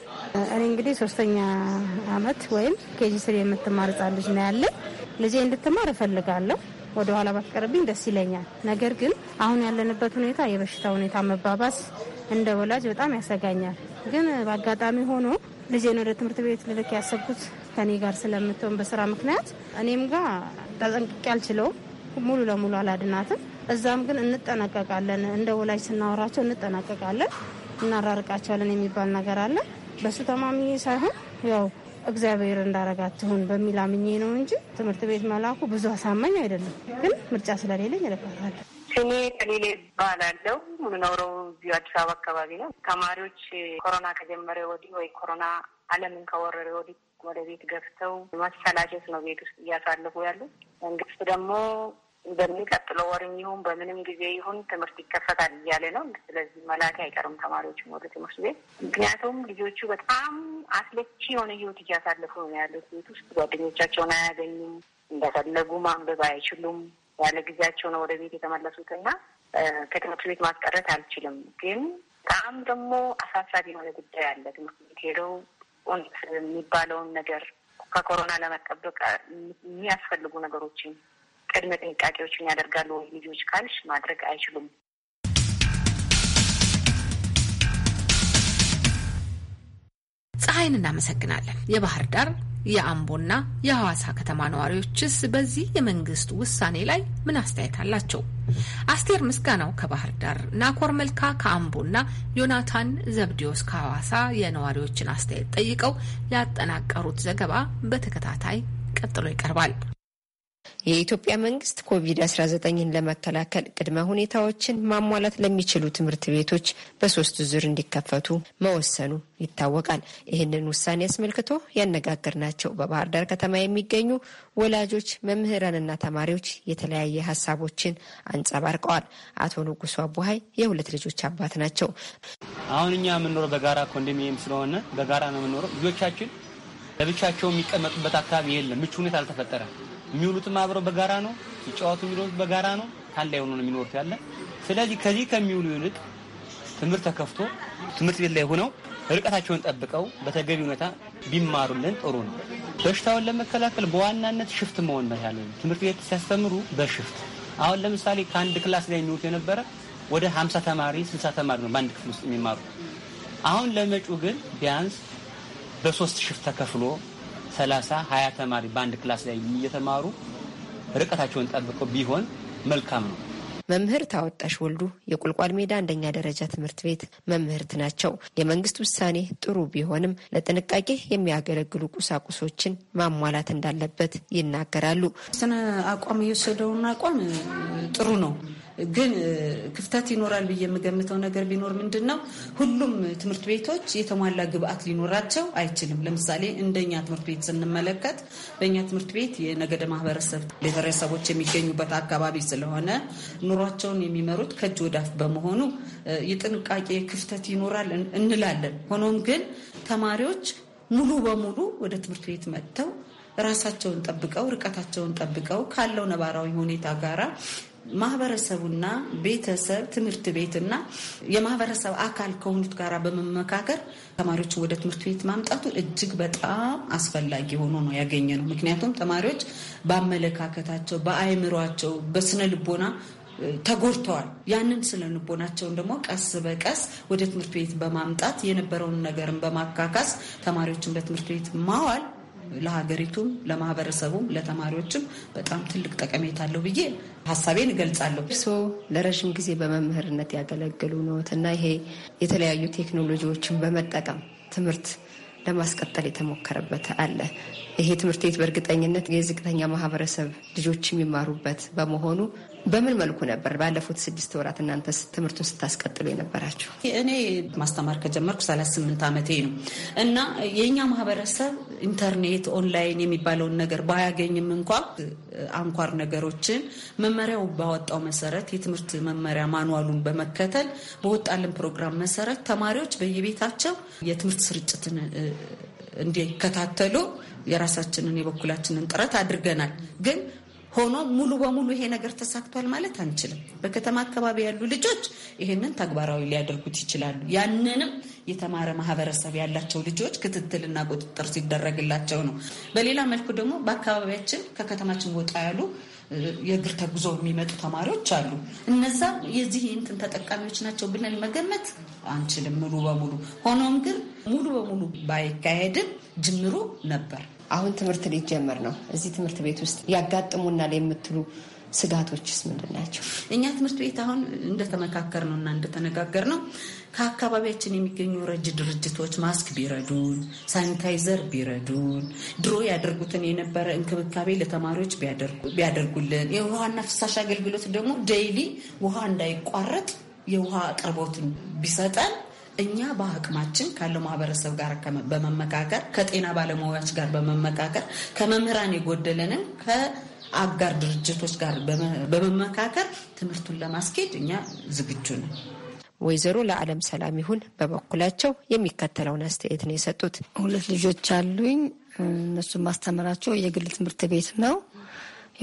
እኔ እንግዲህ ሶስተኛ አመት ወይም ኬጂ ስሪ የምትማር ልጅ ነው ያለ ልጄ እንድትማር እፈልጋለሁ ወደ ኋላ ባትቀርብኝ ደስ ይለኛል። ነገር ግን አሁን ያለንበት ሁኔታ የበሽታ ሁኔታ መባባስ እንደ ወላጅ በጣም ያሰጋኛል። ግን በአጋጣሚ ሆኖ ልጄን ወደ ትምህርት ቤት ልልክ ያሰብኩት ከኔ ጋር ስለምትሆን በስራ ምክንያት እኔም ጋር ተጠንቅቄ አልችለውም። ሙሉ ለሙሉ አላድናትም። እዛም ግን እንጠነቀቃለን፣ እንደ ወላጅ ስናወራቸው እንጠነቀቃለን፣ እናራርቃቸዋለን የሚባል ነገር አለ። በሱ ተማሚ ሳይሆን ያው እግዚአብሔር እንዳረጋትሁን በሚል አምኜ ነው እንጂ ትምህርት ቤት መላኩ ብዙ አሳማኝ አይደለም። ግን ምርጫ ስለሌለኝ እልካለሁ። ስሜ ከሌሌ አለው የምኖረው እዚሁ አዲስ አበባ አካባቢ ነው። ተማሪዎች ኮሮና ከጀመረ ወዲህ ወይ ኮሮና ዓለምን ከወረረ ወዲህ ወደ ቤት ገብተው መሰላቸት ነው ቤት ውስጥ እያሳለፉ ያሉ። መንግስት ደግሞ በሚቀጥለው ወር ይሁን በምንም ጊዜ ይሁን ትምህርት ይከፈታል እያለ ነው። ስለዚህ መላክ አይቀርም ተማሪዎችም ወደ ትምህርት ቤት። ምክንያቱም ልጆቹ በጣም አስለቺ የሆነ ህይወት እያሳለፉ ነው ያሉት። ቤት ውስጥ ጓደኞቻቸውን አያገኙም፣ እንደፈለጉ ማንበብ አይችሉም። ያለ ጊዜያቸው ነው ወደ ቤት የተመለሱትና ከትምህርት ቤት ማስቀረት አልችልም። ግን በጣም ደግሞ አሳሳቢ የሆነ ጉዳይ አለ። ትምህርት ቤት ሄደው የሚባለውን ነገር ከኮሮና ለመጠበቅ የሚያስፈልጉ ነገሮችን ቅድመ ጥንቃቄዎችን ያደርጋሉ ልጆች ካልሽ ማድረግ አይችሉም። ፀሐይን እናመሰግናለን። የባህር ዳር የአምቦና የሐዋሳ ከተማ ነዋሪዎችስ በዚህ የመንግስት ውሳኔ ላይ ምን አስተያየት አላቸው? አስቴር ምስጋናው ከባህር ዳር፣ ናኮር መልካ ከአምቦና ዮናታን ዘብዲዮስ ከሐዋሳ የነዋሪዎችን አስተያየት ጠይቀው ያጠናቀሩት ዘገባ በተከታታይ ቀጥሎ ይቀርባል። የኢትዮጵያ መንግስት ኮቪድ 19ን ለመከላከል ቅድመ ሁኔታዎችን ማሟላት ለሚችሉ ትምህርት ቤቶች በሶስት ዙር እንዲከፈቱ መወሰኑ ይታወቃል። ይህንን ውሳኔ አስመልክቶ ያነጋገርናቸው በባህር ዳር ከተማ የሚገኙ ወላጆች፣ መምህራንና ተማሪዎች የተለያየ ሀሳቦችን አንጸባርቀዋል። አቶ ንጉሱ አቡሀይ የሁለት ልጆች አባት ናቸው። አሁን እኛ የምንኖረው በጋራ ኮንዶሚኒየም ስለሆነ በጋራ ነው የምንኖረው። ልጆቻችን ለብቻቸው የሚቀመጡበት አካባቢ የለም። ምቹ ሁኔታ አልተፈጠረም። የሚውሉትም አብረው በጋራ ነው ሲጫወቱ የሚውሉት በጋራ ነው። ካለ ላይ ነው የሚኖሩት ያለ። ስለዚህ ከዚህ ከሚውሉ ይልቅ ትምህርት ተከፍቶ ትምህርት ቤት ላይ ሆነው ርቀታቸውን ጠብቀው በተገቢ ሁኔታ ቢማሩልን ጥሩ ነው። በሽታውን ለመከላከል በዋናነት ሽፍት መሆን ነው ያለ። ትምህርት ቤት ሲያስተምሩ በሽፍት አሁን ለምሳሌ ከአንድ ክላስ ላይ የሚውሉት የነበረ ወደ 50 ተማሪ 60 ተማሪ ነው በአንድ ክፍል ውስጥ የሚማሩ አሁን ለመጪው ግን ቢያንስ በሶስት ሽፍት ተከፍሎ ሰላሳ ሀያ ተማሪ በአንድ ክላስ ላይ እየተማሩ ርቀታቸውን ጠብቀው ቢሆን መልካም ነው። መምህር ታወጣሽ ወልዱ የቁልቋል ሜዳ አንደኛ ደረጃ ትምህርት ቤት መምህርት ናቸው። የመንግስት ውሳኔ ጥሩ ቢሆንም ለጥንቃቄ የሚያገለግሉ ቁሳቁሶችን ማሟላት እንዳለበት ይናገራሉ። ስነ አቋም የወሰደውን አቋም ጥሩ ነው ግን ክፍተት ይኖራል ብዬ የምገምተው ነገር ቢኖር ምንድን ነው ሁሉም ትምህርት ቤቶች የተሟላ ግብአት ሊኖራቸው አይችልም። ለምሳሌ እንደኛ ትምህርት ቤት ስንመለከት በእኛ ትምህርት ቤት የነገደ ማህበረሰብ ብሔረሰቦች የሚገኙበት አካባቢ ስለሆነ ኑሯቸውን የሚመሩት ከእጅ ወዳፍ በመሆኑ የጥንቃቄ ክፍተት ይኖራል እንላለን። ሆኖም ግን ተማሪዎች ሙሉ በሙሉ ወደ ትምህርት ቤት መጥተው ራሳቸውን ጠብቀው ርቀታቸውን ጠብቀው ካለው ነባራዊ ሁኔታ ጋራ ማህበረሰቡና ቤተሰብ፣ ትምህርት ቤትና የማህበረሰብ አካል ከሆኑት ጋር በመመካከር ተማሪዎችን ወደ ትምህርት ቤት ማምጣቱ እጅግ በጣም አስፈላጊ ሆኖ ነው ያገኘ ነው። ምክንያቱም ተማሪዎች በአመለካከታቸው፣ በአእምሯቸው፣ በስነ ልቦና ተጎድተዋል። ያንን ስነ ልቦናቸውን ደግሞ ቀስ በቀስ ወደ ትምህርት ቤት በማምጣት የነበረውን ነገርን በማካካስ ተማሪዎችን በትምህርት ቤት ማዋል ለሀገሪቱም፣ ለማህበረሰቡም፣ ለተማሪዎችም በጣም ትልቅ ጠቀሜታ አለው ብዬ ሀሳቤን እገልጻለሁ። እርስዎ ለረዥም ጊዜ በመምህርነት ያገለግሉ ኖት እና ይሄ የተለያዩ ቴክኖሎጂዎችን በመጠቀም ትምህርት ለማስቀጠል የተሞከረበት አለ። ይሄ ትምህርት ቤት በእርግጠኝነት የዝቅተኛ ማህበረሰብ ልጆች የሚማሩበት በመሆኑ በምን መልኩ ነበር ባለፉት ስድስት ወራት እናንተ ትምህርቱን ስታስቀጥሉ የነበራችሁ? እኔ ማስተማር ከጀመርኩ 38 ዓመቴ ነው እና የእኛ ማህበረሰብ ኢንተርኔት ኦንላይን የሚባለውን ነገር ባያገኝም እንኳ አንኳር ነገሮችን መመሪያው ባወጣው መሰረት የትምህርት መመሪያ ማንዋሉን በመከተል በወጣልን ፕሮግራም መሰረት ተማሪዎች በየቤታቸው የትምህርት ስርጭትን እንዲከታተሉ የራሳችንን የበኩላችንን ጥረት አድርገናል ግን ሆኖ ሙሉ በሙሉ ይሄ ነገር ተሳክቷል ማለት አንችልም። በከተማ አካባቢ ያሉ ልጆች ይህንን ተግባራዊ ሊያደርጉት ይችላሉ። ያንንም የተማረ ማህበረሰብ ያላቸው ልጆች ክትትልና ቁጥጥር ሲደረግላቸው ነው። በሌላ መልኩ ደግሞ በአካባቢያችን ከከተማችን ወጣ ያሉ የእግር ተጉዞ የሚመጡ ተማሪዎች አሉ። እነዛ የዚህ እንትን ተጠቃሚዎች ናቸው ብለን መገመት አንችልም ሙሉ በሙሉ ሆኖም ግን ሙሉ በሙሉ ባይካሄድም ጅምሩ ነበር። አሁን ትምህርት ሊጀመር ነው። እዚህ ትምህርት ቤት ውስጥ ያጋጥሙናል የምትሉ ስጋቶችስ ምንድን ናቸው? እኛ ትምህርት ቤት አሁን እንደተመካከር ነው እና እንደተነጋገር ነው ከአካባቢያችን የሚገኙ ረጅ ድርጅቶች ማስክ ቢረዱን፣ ሳኒታይዘር ቢረዱን፣ ድሮ ያደርጉትን የነበረ እንክብካቤ ለተማሪዎች ቢያደርጉልን፣ የውሃና ፍሳሽ አገልግሎት ደግሞ ዴይሊ ውሃ እንዳይቋረጥ የውሃ አቅርቦትን ቢሰጠን እኛ በአቅማችን ካለው ማህበረሰብ ጋር በመመካከር ከጤና ባለሙያዎች ጋር በመመካከር ከመምህራን የጎደለንን ከአጋር ድርጅቶች ጋር በመመካከር ትምህርቱን ለማስኬድ እኛ ዝግጁ ነው። ወይዘሮ ለዓለም ሰላም ይሁን በበኩላቸው የሚከተለውን አስተያየት ነው የሰጡት። ሁለት ልጆች አሉኝ። እነሱን ማስተምራቸው የግል ትምህርት ቤት ነው።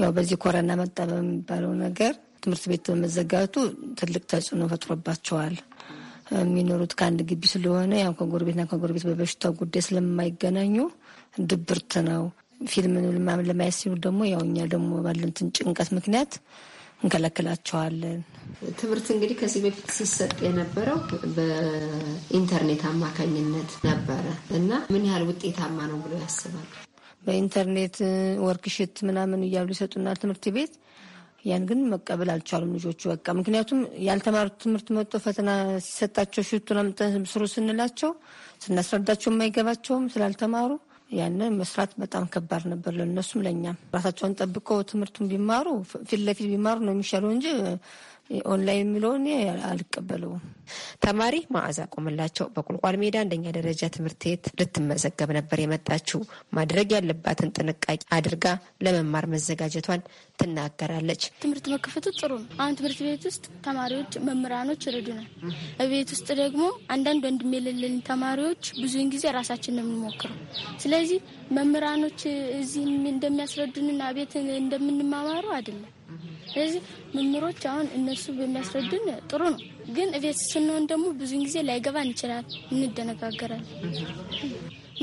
ያው በዚህ ኮረና መጣ በሚባለው ነገር ትምህርት ቤት በመዘጋቱ ትልቅ ተጽዕኖ ፈጥሮባቸዋል። የሚኖሩት ከአንድ ግቢ ስለሆነ ያው ከጎረቤትና ከጎረቤት በበሽታው ጉዳይ ስለማይገናኙ ድብርት ነው። ፊልምን ለማየት ሲሉ ደግሞ ያው እኛ ደግሞ ባለንትን ጭንቀት ምክንያት እንከለክላቸዋለን። ትምህርት እንግዲህ ከዚህ በፊት ሲሰጥ የነበረው በኢንተርኔት አማካኝነት ነበረ እና ምን ያህል ውጤታማ ነው ብሎ ያስባል? በኢንተርኔት ወርክሽት ምናምን እያሉ ይሰጡናል ትምህርት ቤት ያን ግን መቀበል አልቻሉም ልጆቹ በቃ ምክንያቱም ያልተማሩት ትምህርት መጥቶ ፈተና ሲሰጣቸው ሽቱን አምጥተን ስሩ ስንላቸው ስናስረዳቸው የማይገባቸውም ስላልተማሩ ያንን መስራት በጣም ከባድ ነበር ለእነሱም ለእኛም። ራሳቸውን ጠብቀው ትምህርቱን ቢማሩ ፊት ለፊት ቢማሩ ነው የሚሻለው እንጂ ኦንላይን የሚለውን አልቀበለውም። ተማሪ መዓዛ ቆምላቸው በቁልቋል ሜዳ አንደኛ ደረጃ ትምህርት ቤት ልትመዘገብ ነበር የመጣችው። ማድረግ ያለባትን ጥንቃቄ አድርጋ ለመማር መዘጋጀቷን ትናገራለች። ትምህርት መከፈቱ ጥሩ ነው። አሁን ትምህርት ቤት ውስጥ ተማሪዎች፣ መምህራኖች ይረዱናል። ቤት ውስጥ ደግሞ አንዳንድ ወንድም የሌለን ተማሪዎች ብዙውን ጊዜ ራሳችን ነው የምንሞክረው። ስለዚህ መምህራኖች እዚህ እንደሚያስረዱንና ቤት እንደምንማማሩ አይደለም ስለዚህ መምህሮች አሁን እነሱ በሚያስረዱን ጥሩ ነው፣ ግን እቤት ስንሆን ደግሞ ብዙን ጊዜ ላይገባን ይችላል፣ እንደነጋገራል።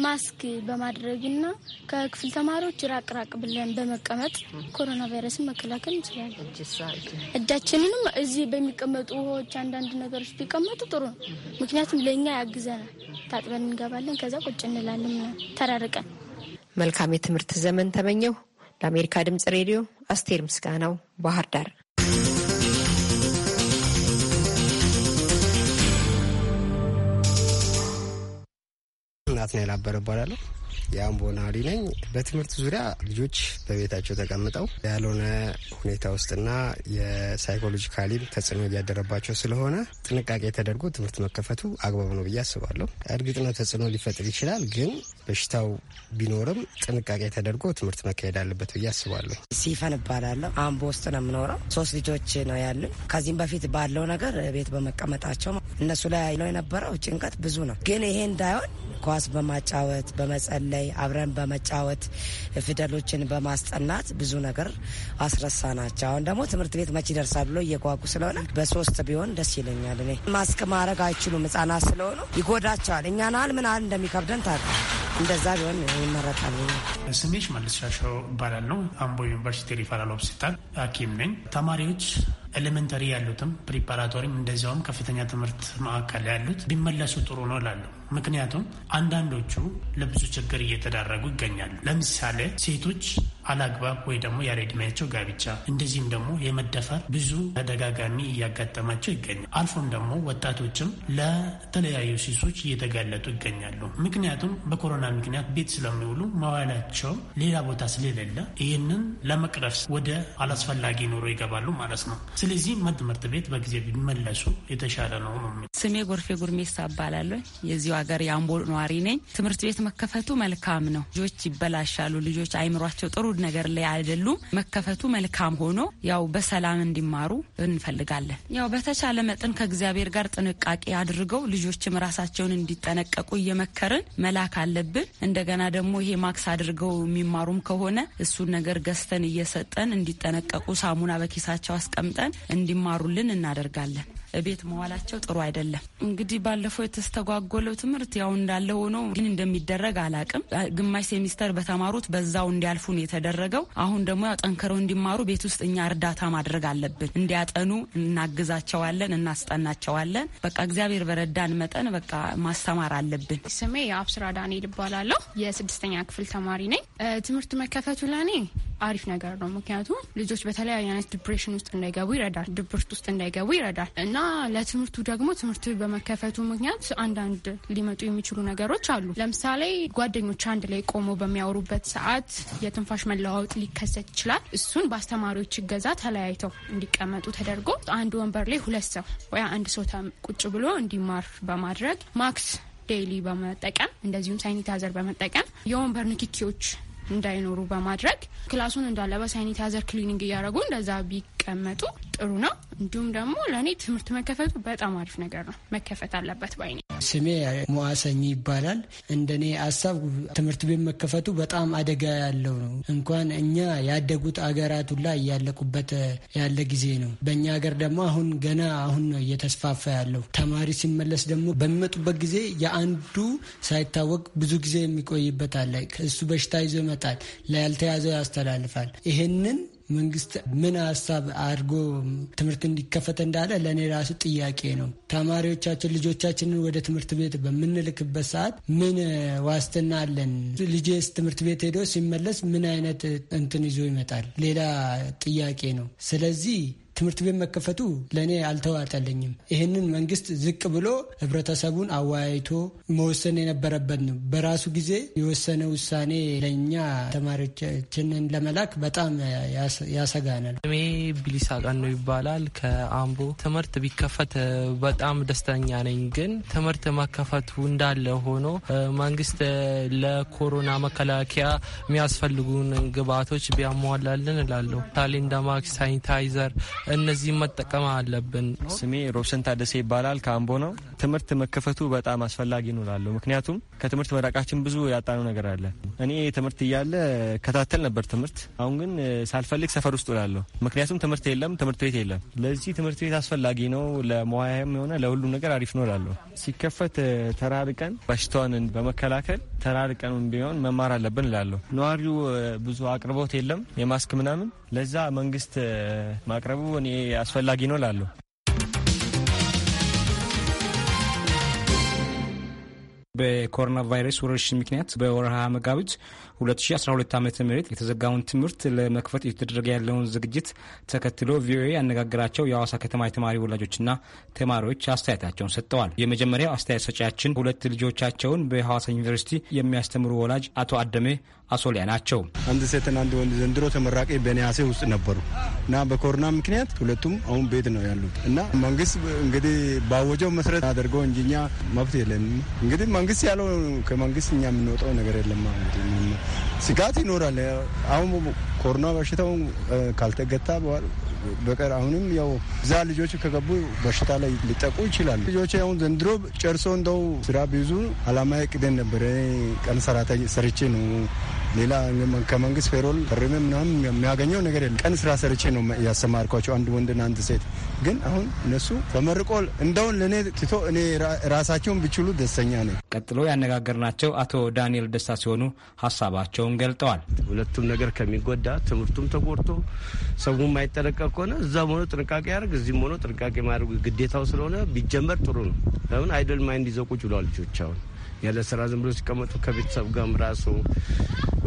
ማስክ በማድረግና ከክፍል ተማሪዎች ራቅ ራቅ ብለን በመቀመጥ ኮሮና ቫይረስን መከላከል እንችላለን። እጃችንንም እዚህ በሚቀመጡ ውሃዎች፣ አንዳንድ ነገሮች ቢቀመጡ ጥሩ ነው። ምክንያቱም ለእኛ ያግዘናል። ታጥበን እንገባለን፣ ከዛ ቁጭ እንላለን ተራርቀን። መልካም የትምህርት ዘመን ተመኘው። ለአሜሪካ ድምጽ ሬዲዮ አስቴር ምስጋናው ባህር ዳር። ናትናኤል አበረ እባላለሁ። የአምቦ ነዋሪ ነኝ። በትምህርት ዙሪያ ልጆች በቤታቸው ተቀምጠው ያልሆነ ሁኔታ ውስጥና የሳይኮሎጂካሊም ተጽዕኖ እያደረባቸው ስለሆነ ጥንቃቄ ተደርጎ ትምህርት መከፈቱ አግባብ ነው ብዬ አስባለሁ። እርግጥ ነው ተጽዕኖ ሊፈጥር ይችላል፣ ግን በሽታው ቢኖርም ጥንቃቄ ተደርጎ ትምህርት መካሄድ አለበት ብዬ አስባለሁ። ሲፈን እባላለሁ። አምቦ ውስጥ ነው የምኖረው። ሶስት ልጆች ነው ያሉ። ከዚህም በፊት ባለው ነገር ቤት በመቀመጣቸው እነሱ ላይ ነው የነበረው ጭንቀት ብዙ ነው። ግን ይሄ እንዳይሆን ኳስ በማጫወት በመጸለ ላይ አብረን በመጫወት ፊደሎችን በማስጠናት ብዙ ነገር አስረሳ ናቸው። አሁን ደግሞ ትምህርት ቤት መች ይደርሳል ብሎ እየጓጉ ስለሆነ በሶስት ቢሆን ደስ ይለኛል። እኔ ማስክ ማድረግ አይችሉም ህጻናት ስለሆኑ ይጎዳቸዋል። እኛ ያህል ምን ያህል እንደሚከብደን ታ እንደዛ ቢሆን ይመረጣል። ስሜሽ መልስ ሻሸው ነው አምቦ ዩኒቨርሲቲ ሪፈራል ሆስፒታል ሐኪም ነኝ። ተማሪዎች ኤሌመንተሪ ያሉትም ፕሪፓራቶሪም እንደዚያውም ከፍተኛ ትምህርት ማዕከል ያሉት ቢመለሱ ጥሩ ነው ላሉ። ምክንያቱም አንዳንዶቹ ለብዙ ችግር እየተዳረጉ ይገኛሉ። ለምሳሌ ሴቶች አላግባብ ወይ ደግሞ ያለዕድሜያቸው ጋብቻ እንደዚህም ደግሞ የመደፈር ብዙ ተደጋጋሚ እያጋጠማቸው ይገኛል። አልፎም ደግሞ ወጣቶችም ለተለያዩ ሱሶች እየተጋለጡ ይገኛሉ። ምክንያቱም በኮሮና ምክንያት ቤት ስለሚውሉ መዋላቸው ሌላ ቦታ ስለሌለ ይህንን ለመቅረፍ ወደ አላስፈላጊ ኑሮ ይገባሉ ማለት ነው። ስለዚህ ትምህርት ቤት በጊዜ ቢመለሱ የተሻለ ነው ነው ስሜ ጎርፌ ጉርሜሳ እባላለሁ። የዚሁ ሀገር የአምቦ ነዋሪ ነኝ። ትምህርት ቤት መከፈቱ መልካም ነው። ልጆች ይበላሻሉ። ልጆች አይምሯቸው ጥሩ እኩል ነገር ላይ አይደሉም። መከፈቱ መልካም ሆኖ ያው በሰላም እንዲማሩ እንፈልጋለን። ያው በተቻለ መጠን ከእግዚአብሔር ጋር ጥንቃቄ አድርገው ልጆችም ራሳቸውን እንዲጠነቀቁ እየመከርን መላክ አለብን። እንደገና ደግሞ ይሄ ማክስ አድርገው የሚማሩም ከሆነ እሱን ነገር ገዝተን እየሰጠን እንዲጠነቀቁ ሳሙና በኪሳቸው አስቀምጠን እንዲማሩልን እናደርጋለን። ቤት መዋላቸው ጥሩ አይደለም። እንግዲህ ባለፈው የተስተጓጎለው ትምህርት ያው እንዳለ ሆኖ ግን እንደሚደረግ አላቅም። ግማሽ ሴሚስተር በተማሩት በዛው እንዲያልፉ ነው የተደረገው። አሁን ደግሞ ያው ጠንክረው እንዲማሩ ቤት ውስጥ እኛ እርዳታ ማድረግ አለብን። እንዲያጠኑ እናግዛቸዋለን፣ እናስጠናቸዋለን። በቃ እግዚአብሔር በረዳን መጠን በቃ ማስተማር አለብን። ስሜ የአብስራ ዳንኤል እባላለሁ። የስድስተኛ ክፍል ተማሪ ነኝ። ትምህርት መከፈቱ ለእኔ አሪፍ ነገር ነው። ምክንያቱም ልጆች በተለያዩ አይነት ዲፕሬሽን ውስጥ እንዳይገቡ ይረዳል፣ ድብርት ውስጥ እንዳይገቡ ይረዳል እና እና ለትምህርቱ ደግሞ ትምህርት በመከፈቱ ምክንያት አንዳንድ ሊመጡ የሚችሉ ነገሮች አሉ። ለምሳሌ ጓደኞች አንድ ላይ ቆመው በሚያወሩበት ሰዓት የትንፋሽ መለዋወጥ ሊከሰት ይችላል። እሱን በአስተማሪዎች እገዛ ተለያይተው እንዲቀመጡ ተደርጎ አንድ ወንበር ላይ ሁለት ሰው ወይ አንድ ሰው ቁጭ ብሎ እንዲማር በማድረግ ማክስ ዴይሊ በመጠቀም እንደዚሁም ሳኒታይዘር በመጠቀም የወንበር ንክኪዎች እንዳይኖሩ በማድረግ ክላሱን እንዳለ በሳኒታይዘር ክሊኒንግ እያደረጉ እንደዛ መቀመጡ ጥሩ ነው። እንዲሁም ደግሞ ለእኔ ትምህርት መከፈቱ በጣም አሪፍ ነገር ነው። መከፈት አለበት ባይኔ። ስሜ መዋሰኝ ይባላል። እንደኔ ሀሳብ ትምህርት ቤት መከፈቱ በጣም አደጋ ያለው ነው። እንኳን እኛ ያደጉት አገራት ሁላ እያለቁበት ያለ ጊዜ ነው። በእኛ ሀገር ደግሞ አሁን ገና አሁን ነው እየተስፋፋ ያለው። ተማሪ ሲመለስ ደግሞ በሚመጡበት ጊዜ የአንዱ ሳይታወቅ ብዙ ጊዜ የሚቆይበት አለ። እሱ በሽታ ይዞ ይመጣል፣ ለያልተያዘው ያስተላልፋል። ይሄንን መንግስት ምን ሀሳብ አድርጎ ትምህርት እንዲከፈት እንዳለ ለእኔ ራሱ ጥያቄ ነው። ተማሪዎቻችን ልጆቻችንን ወደ ትምህርት ቤት በምንልክበት ሰዓት ምን ዋስትና አለን? ልጄስ ትምህርት ቤት ሄዶ ሲመለስ ምን አይነት እንትን ይዞ ይመጣል? ሌላ ጥያቄ ነው። ስለዚህ ትምህርት ቤት መከፈቱ ለእኔ አልተዋጠልኝም። ይህንን መንግስት ዝቅ ብሎ ህብረተሰቡን አወያይቶ መወሰን የነበረበት ነው። በራሱ ጊዜ የወሰነ ውሳኔ ለእኛ ተማሪዎቻችንን ለመላክ በጣም ያሰጋናል። እኔ ቢሊሳቀን ነው ይባላል ከአምቦ። ትምህርት ቢከፈት በጣም ደስተኛ ነኝ። ግን ትምህርት መከፈቱ እንዳለ ሆኖ መንግስት ለኮሮና መከላከያ የሚያስፈልጉን ግብዓቶች ቢያሟላልን እላለሁ። ታሌ እንደማክ ሳኒታይዘር እነዚህም መጠቀም አለብን። ስሜ ሮብሰን ታደሰ ይባላል። ከአምቦ ነው። ትምህርት መከፈቱ በጣም አስፈላጊ ነው ምክንያቱም ከትምህርት መራቃችን ብዙ ያጣነው ነገር አለ። እኔ ትምህርት እያለ ከታተል ነበር ትምህርት። አሁን ግን ሳልፈልግ ሰፈር ውስጥ ላለሁ። ምክንያቱም ትምህርት የለም፣ ትምህርት ቤት የለም። ለዚህ ትምህርት ቤት አስፈላጊ ነው። ለመዋያም የሆነ ለሁሉም ነገር አሪፍ ነው ላለሁ። ሲከፈት ተራርቀን በሽታዋን በመከላከል ተራርቀን ቢሆን መማር አለብን ላለሁ። ነዋሪው ብዙ አቅርቦት የለም የማስክ ምናምን። ለዛ መንግስት ማቅረቡ እኔ አስፈላጊ ነው ላለሁ በኮሮና ቫይረስ ወረርሽኝ ምክንያት በወርሃ መጋቢት 2012 ዓ ም የተዘጋውን ትምህርት ለመክፈት እየተደረገ ያለውን ዝግጅት ተከትሎ ቪኦኤ ያነጋገራቸው የአዋሳ ከተማ የተማሪ ወላጆችና ተማሪዎች አስተያየታቸውን ሰጥተዋል። የመጀመሪያው አስተያየት ሰጪያችን ሁለት ልጆቻቸውን በሐዋሳ ዩኒቨርሲቲ የሚያስተምሩ ወላጅ አቶ አደሜ አሶሊያ ናቸው። አንድ ሴትና አንድ ወንድ ዘንድሮ ተመራቂ በኒያሴ ውስጥ ነበሩ እና በኮሮና ምክንያት ሁለቱም አሁን ቤት ነው ያሉት እና መንግስት እንግዲህ ባወጀው መሰረት አድርገው እንጂ እኛ መብት የለን። እንግዲህ መንግስት ያለው ከመንግስት እኛ የምንወጣው ነገር የለም። ስጋት ይኖራል። አሁን ኮሮና በሽታው ካልተገታ በኋላ በቀር አሁንም ያው እዛ ልጆች ከገቡ በሽታ ላይ ሊጠቁ ይችላሉ። ልጆች አሁን ዘንድሮ ጨርሶ እንደው ስራ ብዙ አላማ ቅደን ነበረ። ቀን ሰራተኛ ሰርቼ ነው ሌላ ከመንግስት ፔሮል ፍርም ምናምን የሚያገኘው ነገር የለም። ቀን ስራ ሰርቼ ነው ያሰማርኳቸው አንድ ወንድና አንድ ሴት። ግን አሁን እነሱ ተመርቆ እንደውን ለእኔ ትቶ እኔ ራሳቸውን ቢችሉ ደስተኛ ነኝ። ቀጥሎ ያነጋገርናቸው አቶ ዳንኤል ደስታ ሲሆኑ ሀሳባቸውን ገልጠዋል። ሁለቱም ነገር ከሚጎዳ ትምህርቱም ተጎድቶ ሰውም ማይጠነቀቅ ከሆነ እዛም ሆኖ ጥንቃቄ ያደርግ እዚህም ሆኖ ጥንቃቄ ማድረጉ ግዴታው ስለሆነ ቢጀመር ጥሩ ነው። ለምን አይደል ማይንድ ይዘው ቁጭ ብለዋል ልጆች አሁን ያለ ስራ ዝም ብሎ ሲቀመጡ ከቤተሰብ ጋርም ራሱ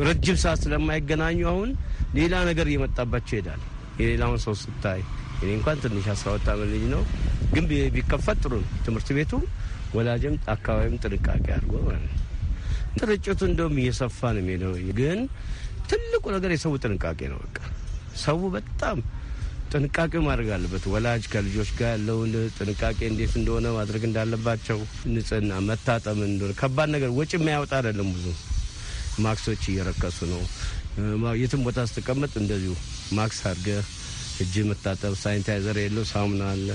ረጅም ሰዓት ስለማይገናኙ አሁን ሌላ ነገር እየመጣባቸው ይሄዳል። የሌላውን ሰው ስታይ እኔ እንኳን ትንሽ አስራ ሁለት ዓመት ልጅ ነው፣ ግን ቢከፈት ጥሩ ነው። ትምህርት ቤቱ ወላጅም አካባቢም ጥንቃቄ አድርጎ ማለት ስርጭቱ እንደውም እየሰፋ ነው የሚሄደው፣ ግን ትልቁ ነገር የሰው ጥንቃቄ ነው። በቃ ሰው በጣም ጥንቃቄ ማድረግ አለበት። ወላጅ ከልጆች ጋር ያለውን ጥንቃቄ እንዴት እንደሆነ ማድረግ እንዳለባቸው፣ ንጽህና መታጠብ እንደሆነ ከባድ ነገር ወጪ የሚያወጣ አይደለም። ብዙ ማክሶች እየረከሱ ነው። የትም ቦታ ስትቀመጥ እንደዚሁ ማክስ አድርገ እጅ መታጠብ፣ ሳኒታይዘር የለው ሳሙና አለ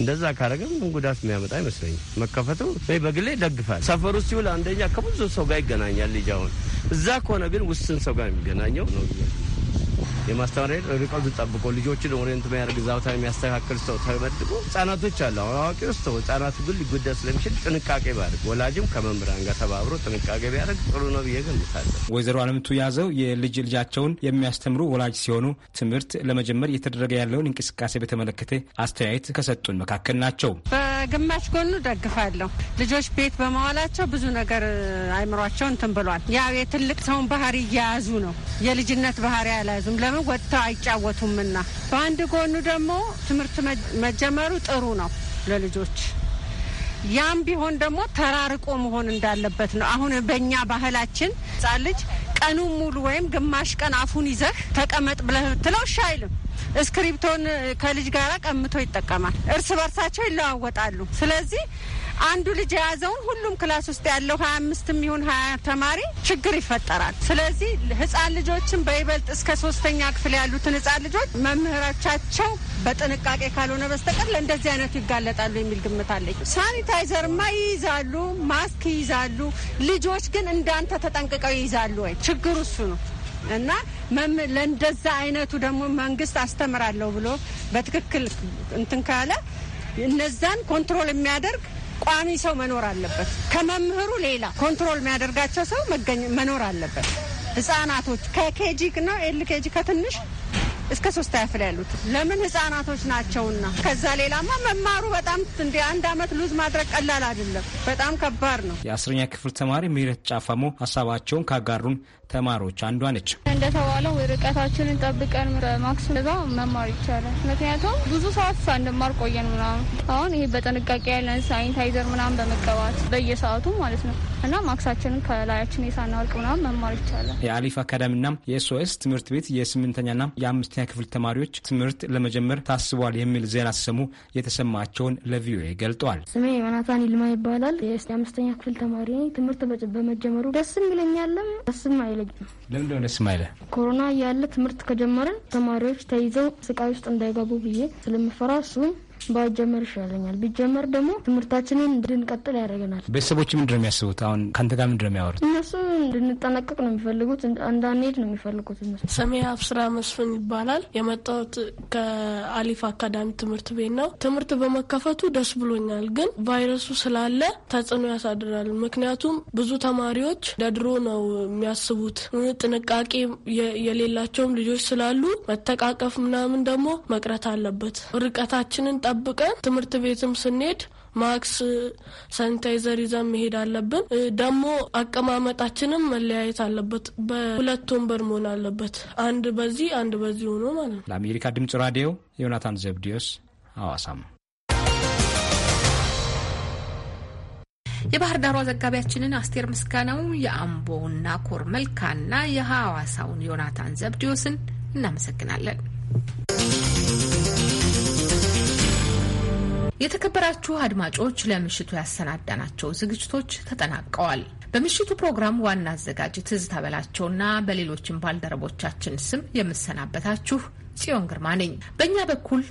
እንደዛ ካረገም ጉዳት የሚያመጣ አይመስለኝም። መከፈቱ በግሌ ደግፋል። ሰፈር ውስጥ ሲውል አንደኛ ከብዙ ሰው ጋር ይገናኛል ልጅ አሁን እዛ ከሆነ ግን ውስን ሰው ጋር የሚገናኘው ነው። የማስተማሪያ ርቀቱን ጠብቆ ልጆችን ኦሪንት የሚያደርግ ዛውታ የሚያስተካክል ሰው ተመድቦ ህጻናቶች አሉ። አሁን አዋቂ ውስጥ ህጻናቱ ግን ሊጎዳ ስለሚችል ጥንቃቄ ቢያደርግ ወላጅም ከመምህራን ጋር ተባብሮ ጥንቃቄ ቢያደርግ ጥሩ ነው ብዬ ገምታለሁ። ወይዘሮ አለምቱ ያዘው የልጅ ልጃቸውን የሚያስተምሩ ወላጅ ሲሆኑ ትምህርት ለመጀመር እየተደረገ ያለውን እንቅስቃሴ በተመለከተ አስተያየት ከሰጡን መካከል ናቸው። በግማሽ ጎኑ ደግፋለሁ። ልጆች ቤት በመዋላቸው ብዙ ነገር አይምሯቸው እንትን ብሏል። ያው የትልቅ ሰውን ባህሪ እያያዙ ነው። የልጅነት ባህሪ አላያዙም ለምን ነው ወጥተው አይጫወቱምና፣ በአንድ ጎኑ ደግሞ ትምህርት መጀመሩ ጥሩ ነው ለልጆች። ያም ቢሆን ደግሞ ተራርቆ መሆን እንዳለበት ነው። አሁን በእኛ ባህላችን ሕፃን ልጅ ቀኑን ሙሉ ወይም ግማሽ ቀን አፉን ይዘህ ተቀመጥ ብለህ ብትለው እሺ አይልም። ከልጅ ጋር ቀምቶ ይጠቀማል። እርስ በርሳቸው ይለዋወጣሉ። ስለዚህ አንዱ ልጅ የያዘውን ሁሉም ክላስ ውስጥ ያለው ሀያ አምስትም ይሁን ሀያ ተማሪ ችግር ይፈጠራል። ስለዚህ ህጻን ልጆችን በይበልጥ እስከ ሶስተኛ ክፍል ያሉትን ህጻን ልጆች መምህራቻቸው በጥንቃቄ ካልሆነ በስተቀር ለእንደዚህ አይነቱ ይጋለጣሉ የሚል ግምት አለኝ። ሳኒታይዘርማ ይይዛሉ፣ ማስክ ይይዛሉ። ልጆች ግን እንዳንተ ተጠንቅቀው ይይዛሉ ወይ? ችግሩ እሱ ነው። እና ለእንደዛ አይነቱ ደግሞ መንግስት አስተምራለሁ ብሎ በትክክል እንትን ካለ እነዛን ኮንትሮል የሚያደርግ ቋሚ ሰው መኖር አለበት። ከመምህሩ ሌላ ኮንትሮል የሚያደርጋቸው ሰው መኖር አለበት። ህጻናቶች ከኬጂ ነው ኤልኬጂ ከትንሽ እስከ ሶስት ያፍል ያሉት ለምን ህጻናቶች ናቸውና። ከዛ ሌላማ መማሩ በጣም እንደ አንድ አመት ሉዝ ማድረግ ቀላል አይደለም። በጣም ከባድ ነው። የአስረኛ ክፍል ተማሪ ምህረት ጫፋሞ ሀሳባቸውን ካጋሩን ተማሪዎች አንዷ ነች። እንደተባለው ርቀታችንን ጠብቀን ማክስ ዛ መማር ይቻላል። ምክንያቱም ብዙ ሰዓት ሳንማር ቆየን ምናምን። አሁን ይሄ በጥንቃቄ ያለን ሳኒታይዘር ምናምን በመቀባት በየሰዓቱ ማለት ነው እና ማክሳችንን ከላያችን የሳናወርቅ ምናምን መማር ይቻላል። የአሊፍ አካዳሚና የኤስኦኤስ ትምህርት ቤት የስምንተኛና የአምስተኛ የስድስተኛ ክፍል ተማሪዎች ትምህርት ለመጀመር ታስቧል የሚል ዜና ሲሰሙ የተሰማቸውን ለቪኦኤ ገልጧል። ስሜ ዮናታን ይልማ ይባላል። የአምስተኛ ክፍል ተማሪ ነኝ። ትምህርት በመጀመሩ ደስም ይለኛለም ደስም አይለኝም። ለምንድነው ደስም አይለ? ኮሮና እያለ ትምህርት ከጀመርን ተማሪዎች ተይዘው ስቃይ ውስጥ እንዳይገቡ ብዬ ስለምፈራ እሱም ባይጀመር ይሻለኛል። ቢጀመር ደግሞ ትምህርታችንን እንድንቀጥል ያደርገናል። ቤተሰቦች ምንድን ነው የሚያስቡት? አሁን ከአንተ ጋር ምንድን ነው የሚያወሩት? እነሱ እንድንጠነቀቅ ነው የሚፈልጉት፣ እንዳንሄድ ነው የሚፈልጉት። ስሜ አብስራ መስፍን ይባላል። የመጣሁት ከአሊፍ አካዳሚ ትምህርት ቤት ነው። ትምህርት በመከፈቱ ደስ ብሎኛል፣ ግን ቫይረሱ ስላለ ተጽዕኖ ያሳድራል። ምክንያቱም ብዙ ተማሪዎች ለድሮ ነው የሚያስቡት። ጥንቃቄ የሌላቸውም ልጆች ስላሉ መተቃቀፍ ምናምን ደግሞ መቅረት አለበት። ርቀታችንን ጠብቀን ትምህርት ቤትም ስንሄድ ማክስ ሳኒታይዘር ይዘን መሄድ አለብን። ደግሞ አቀማመጣችንም መለያየት አለበት። በሁለት ወንበር መሆን አለበት። አንድ በዚህ አንድ በዚህ ሆኖ ማለት ነው። ለአሜሪካ ድምጽ ራዲዮ ዮናታን ዘብዲዮስ አዋሳም። የባህር ዳሯ ዘጋቢያችንን አስቴር ምስጋናው የአምቦና ኮር መልካና የሐዋሳውን ዮናታን ዘብዲዮስን እናመሰግናለን። የተከበራችሁ አድማጮች ለምሽቱ ያሰናዳናቸው ዝግጅቶች ተጠናቀዋል። በምሽቱ ፕሮግራም ዋና አዘጋጅ ትዝታ በላቸውና በሌሎችም ባልደረቦቻችን ስም የምሰናበታችሁ ጽዮን ግርማ ነኝ። በእኛ በኩል